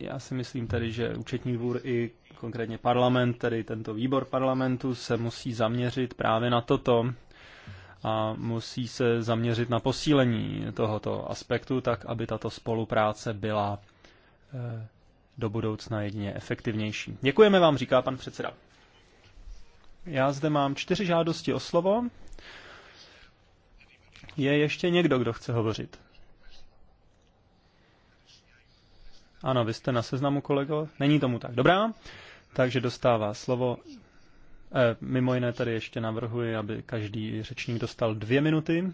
já si myslím tedy, že účetní dvůr i konkrétně parlament, tedy tento výbor parlamentu, se musí zaměřit právě na toto a musí se zaměřit na posílení tohoto aspektu, tak aby tato spolupráce byla eh, do budoucna jedině efektivnější. Děkujeme vám, říká pan předseda. Já zde mám čtyři žádosti o slovo. Je ještě někdo, kdo chce hovořit? Ano, vy jste na seznamu, kolego. Není tomu tak. Dobrá, takže dostává slovo. E, mimo jiné tady ještě navrhuji, aby každý řečník dostal dvě minuty.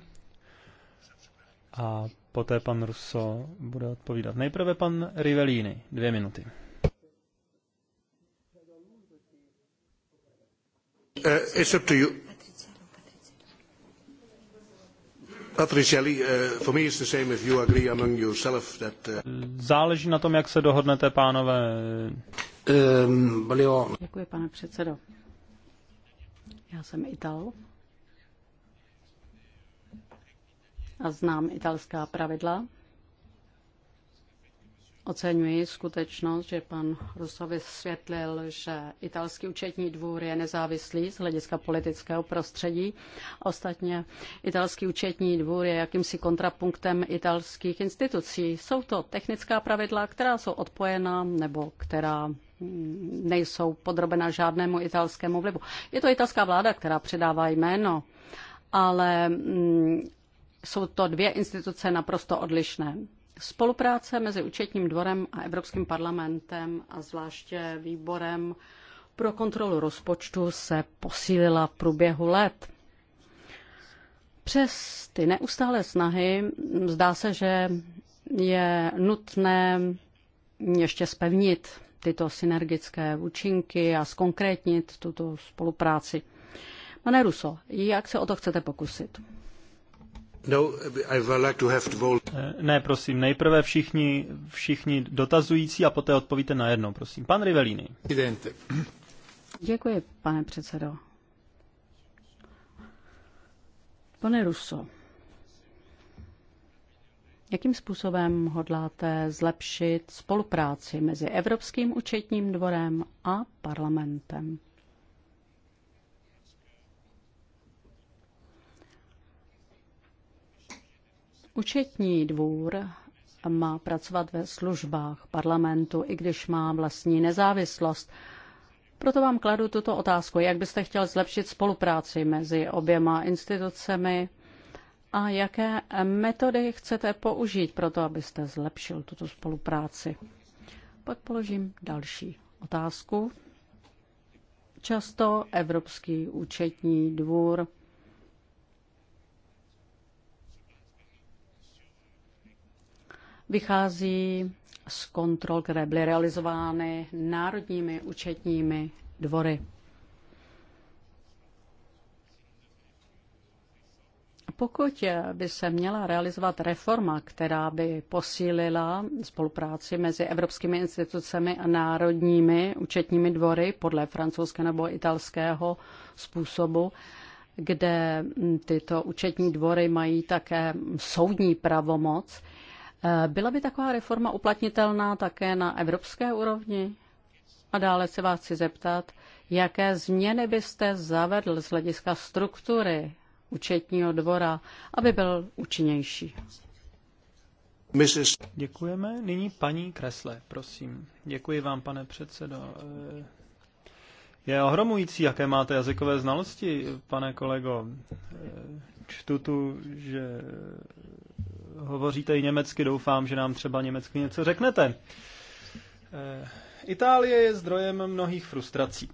A poté pan Russo bude odpovídat. Nejprve pan Rivellini, dvě minuty. Uh, it's up to you. Eh, eh, Záleží na tom, jak se dohodnete, pánové. Ehm, Děkuji, pane předsedo. Já jsem Ital a znám italská pravidla. Oceňuji skutečnost, že pan Ruso vysvětlil, že italský účetní dvůr je nezávislý z hlediska politického prostředí. Ostatně italský účetní dvůr je jakýmsi kontrapunktem italských institucí. Jsou to technická pravidla, která jsou odpojená, nebo která nejsou podrobena žádnému italskému vlivu. Je to italská vláda, která předává jméno ale mm, jsou to dvě instituce naprosto odlišné. Spolupráce mezi účetním dvorem a Evropským parlamentem a zvláště výborem pro kontrolu rozpočtu se posílila v průběhu let. Přes ty neustálé snahy zdá se, že je nutné ještě spevnit tyto synergické účinky a zkonkrétnit tuto spolupráci. Pane Ruso, jak se o to chcete pokusit? No, I would like to have to eh, Ne, prosím, nejprve všichni, všichni dotazující a poté odpovíte na jedno, prosím. Pan Rivelini. Děkuji, pane předsedo. Pane Russo, jakým způsobem hodláte zlepšit spolupráci mezi Evropským účetním dvorem a parlamentem? Účetní dvůr má pracovat ve službách parlamentu, i když má vlastní nezávislost. Proto vám kladu tuto otázku. Jak byste chtěl zlepšit spolupráci mezi oběma institucemi a jaké metody chcete použít pro to, abyste zlepšil tuto spolupráci? Pak položím další otázku. Často Evropský účetní dvůr vychází z kontrol, které byly realizovány národními účetními dvory. Pokud by se měla realizovat reforma, která by posílila spolupráci mezi evropskými institucemi a národními účetními dvory podle francouzského nebo italského způsobu, kde tyto účetní dvory mají také soudní pravomoc, Eh, byla by taková reforma uplatnitelná také na evropské úrovni? A dále se vás chci zeptat, jaké změny byste zavedl z hlediska struktury účetního dvora, aby byl účinnější? Děkujeme. Nyní paní Kresle, prosím. Děkuji vám, pane předsedo. Eh, je ohromující, jaké máte jazykové znalosti, pane kolego. Eh, čtu tu, že hovoříte i německy, doufám, že nám třeba německy něco řeknete. Eh, Itálie je zdrojem mnohých frustrací.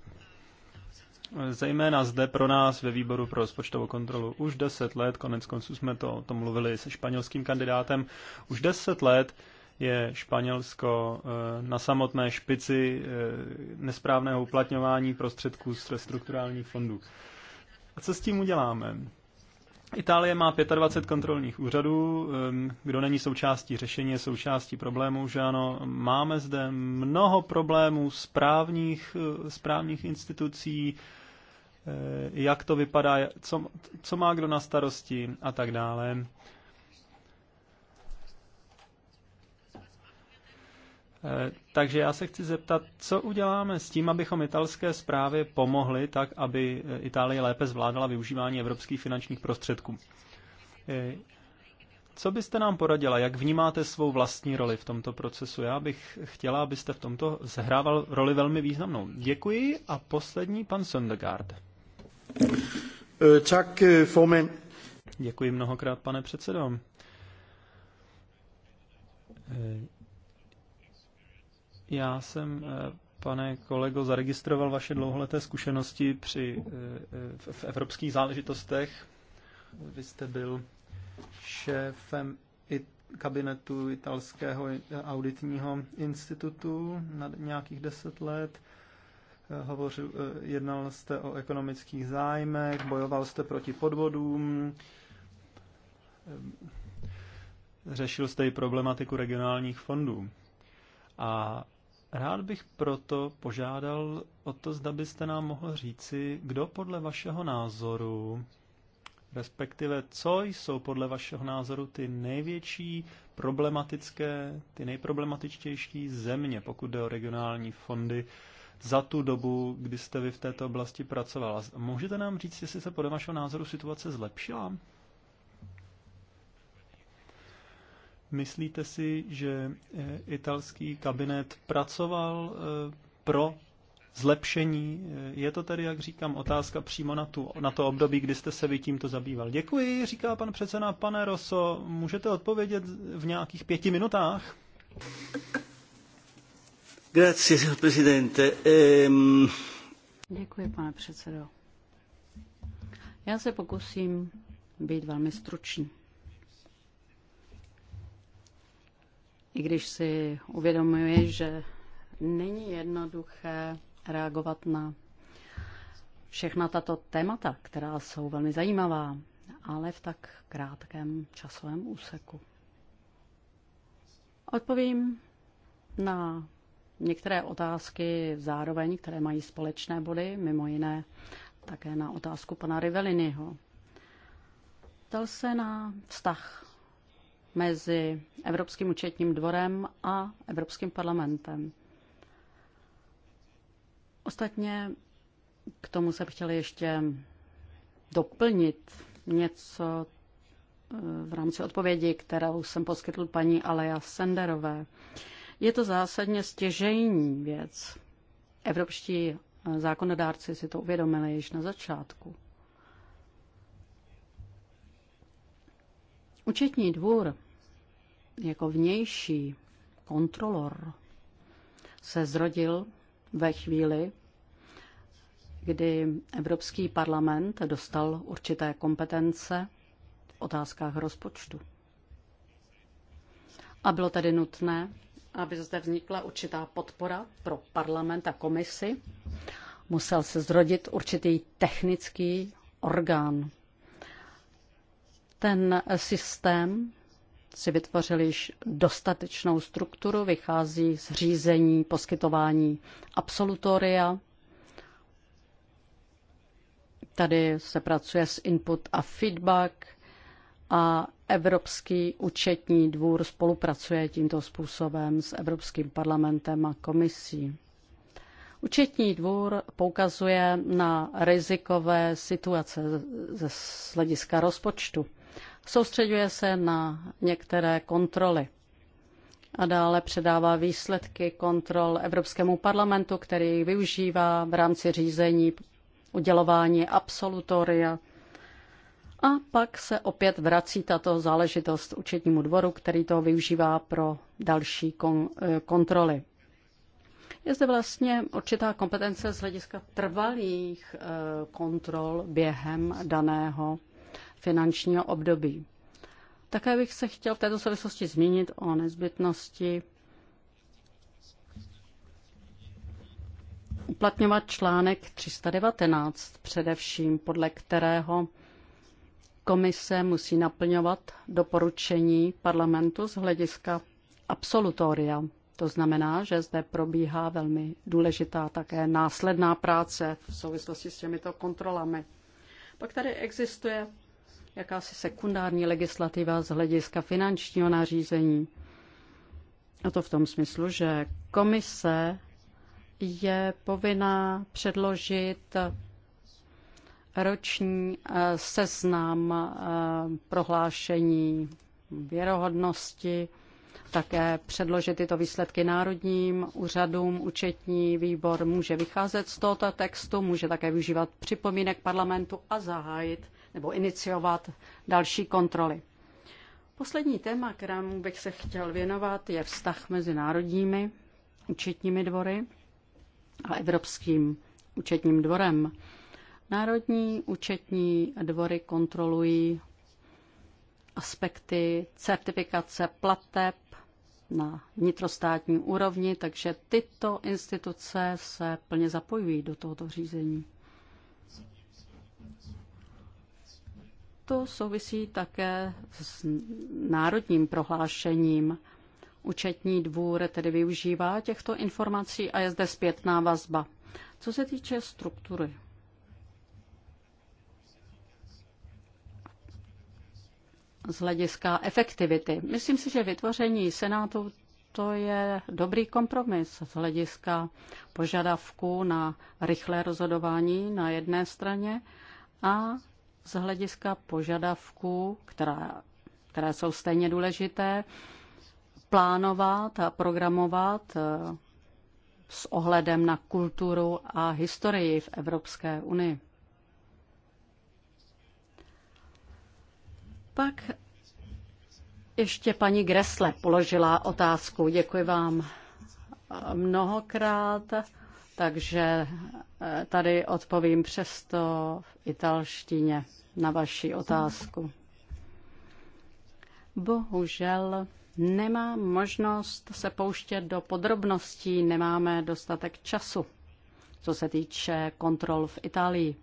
Zejména zde pro nás ve výboru pro rozpočtovou kontrolu už deset let, konec konců jsme to o tom mluvili se španělským kandidátem, už deset let je Španělsko eh, na samotné špici eh, nesprávného uplatňování prostředků z strukturálních fondů. A co s tím uděláme? Itálie má 25 kontrolních úřadů. Kdo není součástí řešení, je součástí problémů, že ano. Máme zde mnoho problémů správních, eh, správních institucí, eh, jak to vypadá, co, co má kdo na starosti a tak dále. Eh, takže já se chci zeptat, co uděláme s tím, abychom italské zprávy pomohli tak, aby eh, Itálie lépe zvládala využívání evropských finančních prostředků. Eh, co byste nám poradila? Jak vnímáte svou vlastní roli v tomto procesu? Já bych chtěla, abyste v tomto zhrával roli velmi významnou. Děkuji a poslední pan Sondergaard. Tak, Fomen. Děkuji mnohokrát, pane předsedo. Já jsem, eh, pane kolego, zaregistroval vaše dlouholeté zkušenosti při, eh, eh, v, v evropských záležitostech. Vy jste byl šéfem it, kabinetu italského auditního institutu na nějakých deset let. Hovořil, jednal jste o ekonomických zájmech, bojoval jste proti podvodům, řešil jste i problematiku regionálních fondů. A Rád bych proto požádal o to, zda byste nám mohl říci, kdo podle vašeho názoru, respektive co jsou podle vašeho názoru ty největší problematické, ty nejproblematičtější země, pokud jde o regionální fondy, za tu dobu, kdy jste vy v této oblasti pracovala. Můžete nám říct, jestli se podle vašeho názoru situace zlepšila? Myslíte si, že eh, italský kabinet pracoval eh, pro zlepšení? Eh, je to tedy, jak říkám, otázka přímo na, tu, na to období, kdy jste se vy tímto zabýval. Děkuji, říká pan předseda. Pane Rosso, můžete odpovědět v nějakých pěti minutách? Grazie, signor Presidente. Ehm... Děkuji, pane předsedo. Já se pokusím být velmi stručný. i když si uvědomuji, že není jednoduché reagovat na všechna tato témata, která jsou velmi zajímavá, ale v tak krátkém časovém úseku. Odpovím na některé otázky zároveň, které mají společné body, mimo jiné také na otázku pana Riveliniho. Ptal se na vztah mezi Evropským účetním dvorem a Evropským parlamentem. Ostatně k tomu se chtěli ještě doplnit něco eh, v rámci odpovědi, kterou jsem poskytl paní Aleja Senderové. Je to zásadně stěžejní věc. Evropští eh, zákonodárci si to uvědomili již na začátku. Účetní dvůr jako vnější kontrolor se zrodil ve chvíli, kdy Evropský parlament dostal určité kompetence v otázkách rozpočtu. A bylo tedy nutné, aby zde vznikla určitá podpora pro parlament a komisi. Musel se zrodit určitý technický orgán ten systém si vytvořil již dostatečnou strukturu, vychází z řízení, poskytování absolutoria. Tady se pracuje s input a feedback a Evropský účetní dvůr spolupracuje tímto způsobem s Evropským parlamentem a komisí. Účetní dvůr poukazuje na rizikové situace ze hlediska rozpočtu soustředuje se na některé kontroly a dále předává výsledky kontrol Evropskému parlamentu, který využívá v rámci řízení udělování absolutoria. A pak se opět vrací tato záležitost účetnímu dvoru, který to využívá pro další kon- eh, kontroly. Je zde vlastně určitá kompetence z hlediska trvalých eh, kontrol během daného finančního období. Také bych se chtěl v této souvislosti zmínit o nezbytnosti uplatňovat článek 319, především podle kterého komise musí naplňovat doporučení parlamentu z hlediska absolutoria. To znamená, že zde probíhá velmi důležitá také následná práce v souvislosti s těmito kontrolami. Pak tady existuje jakási sekundární legislativa z hlediska finančního nařízení. A to v tom smyslu, že komise je povinná předložit roční eh, seznam eh, prohlášení věrohodnosti, také předložit tyto výsledky národním úřadům. Účetní výbor může vycházet z tohoto textu, může také využívat připomínek parlamentu a zahájit nebo iniciovat další kontroly. Poslední téma, kterému bych se chtěl věnovat, je vztah mezi národními účetními dvory a Evropským účetním dvorem. Národní účetní dvory kontrolují aspekty certifikace plateb na vnitrostátní úrovni, takže tyto instituce se plně zapojují do tohoto řízení. to souvisí také s národním prohlášením. Účetní dvůr tedy využívá těchto informací a je zde zpětná vazba. Co se týče struktury, z hlediska efektivity. Myslím si, že vytvoření Senátu to je dobrý kompromis z hlediska požadavků na rychlé rozhodování na jedné straně a z hlediska požadavků, která, které jsou stejně důležité, plánovat a programovat eh, s ohledem na kulturu a historii v Evropské unii. Pak ještě paní Gresle položila otázku. Děkuji vám mnohokrát takže eh, tady odpovím přesto v italštině na vaši otázku. Bohužel nemám možnost se pouštět do podrobností, nemáme dostatek času, co se týče kontrol v Itálii.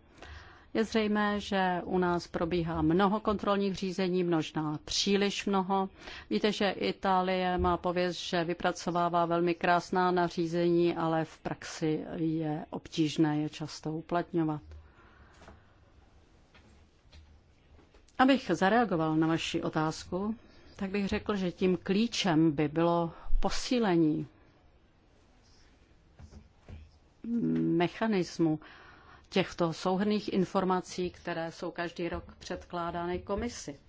Je zřejmé, že u nás probíhá mnoho kontrolních řízení, množná příliš mnoho. Víte, že Itálie má pověst, že vypracovává velmi krásná nařízení, ale v praxi je obtížné je často uplatňovat. Abych zareagoval na vaši otázku, tak bych řekl, že tím klíčem by bylo posílení mechanismu těchto souhrných informací, které jsou každý rok předkládány komisi.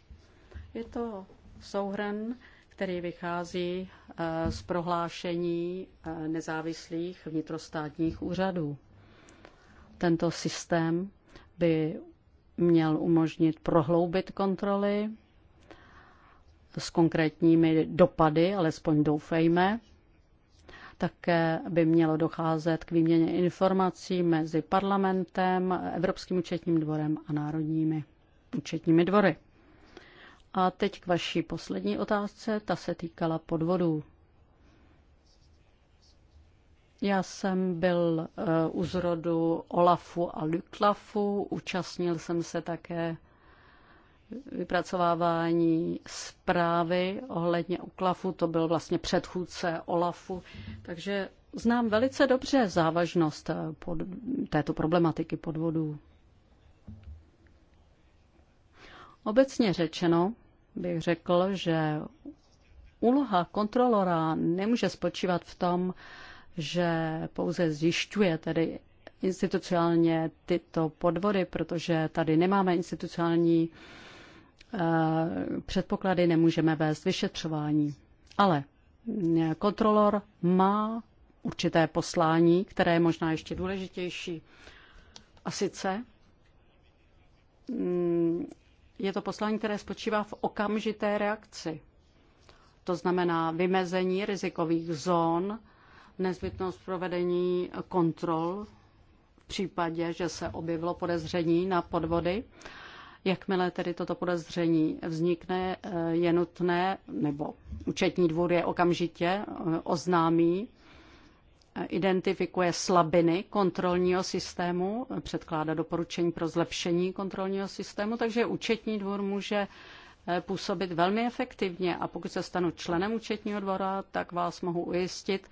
Je to souhrn, který vychází eh, z prohlášení eh, nezávislých vnitrostátních úřadů. Tento systém by měl umožnit prohloubit kontroly s konkrétními dopady, alespoň doufejme, také by mělo docházet k výměně informací mezi parlamentem, Evropským účetním dvorem a národními účetními dvory. A teď k vaší poslední otázce, ta se týkala podvodů. Já jsem byl eh, u zrodu Olafu a Lutlafu, účastnil jsem se také vypracovávání zprávy ohledně UKLAFu, to byl vlastně předchůdce OLAFu, takže znám velice dobře závažnost eh, pod, této problematiky podvodů. Obecně řečeno bych řekl, že úloha kontrolora nemůže spočívat v tom, že pouze zjišťuje tedy institucionálně tyto podvody, protože tady nemáme institucionální uh, Eh, předpoklady nemůžeme vést vyšetřování. Ale eh, kontrolor má určité poslání, které je možná ještě důležitější. A sice mm, je to poslání, které spočívá v okamžité reakci. To znamená vymezení rizikových zón, nezbytnost provedení kontrol v případě, že se objevilo podezření na podvody Jakmile tedy toto podezření vznikne, eh, je nutné, nebo účetní dvůr je okamžitě eh, oznámí, eh, identifikuje slabiny kontrolního systému, předkládá doporučení pro zlepšení kontrolního systému, takže účetní dvůr může působit velmi efektivně a pokud se stanu členem účetního dvora, tak vás mohu ujistit,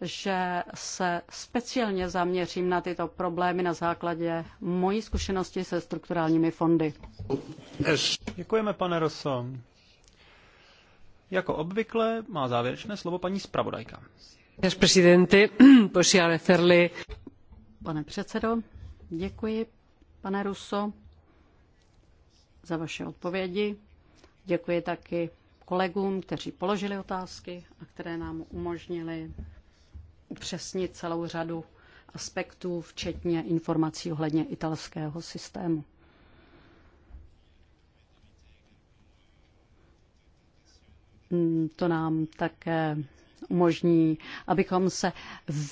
že se speciálně zaměřím na tyto problémy na základě mojí zkušenosti se strukturálními fondy. Děkujeme, pane Rosso. Jako obvykle má závěrečné slovo paní zpravodajka. Pane předsedo, děkuji, pane Russo, za vaše odpovědi. Děkuji taky kolegům, kteří položili otázky a které nám umožnili upřesnit celou řadu aspektů, včetně informací ohledně italského systému. Hmm, to nám také umožní, abychom se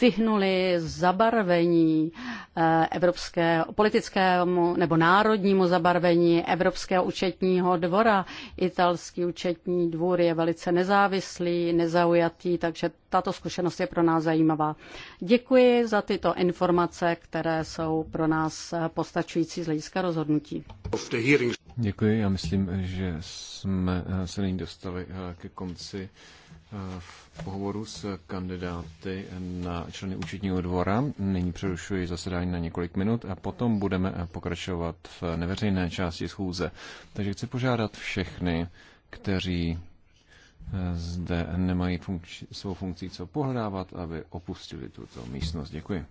vyhnuli zabarvení eh, evropského politického nebo národnímu zabarvení Evropského účetního dvora. Italský účetní dvůr je velice nezávislý, nezaujatý, takže tato zkušenost je pro nás zajímavá. Děkuji za tyto informace, které jsou pro nás eh, postačující z hlediska rozhodnutí. Děkuji, já myslím, že jsme eh, se nyní dostali ke konci v pohovoru s kandidáty na členy účetního dvora. Nyní přerušuji zasedání na několik minut a potom budeme pokračovat v neveřejné části schůze. Takže chci požádat všechny, kteří eh, zde nemají funkci, svou funkcí co pohledávat, aby opustili tuto místnost. Děkuji.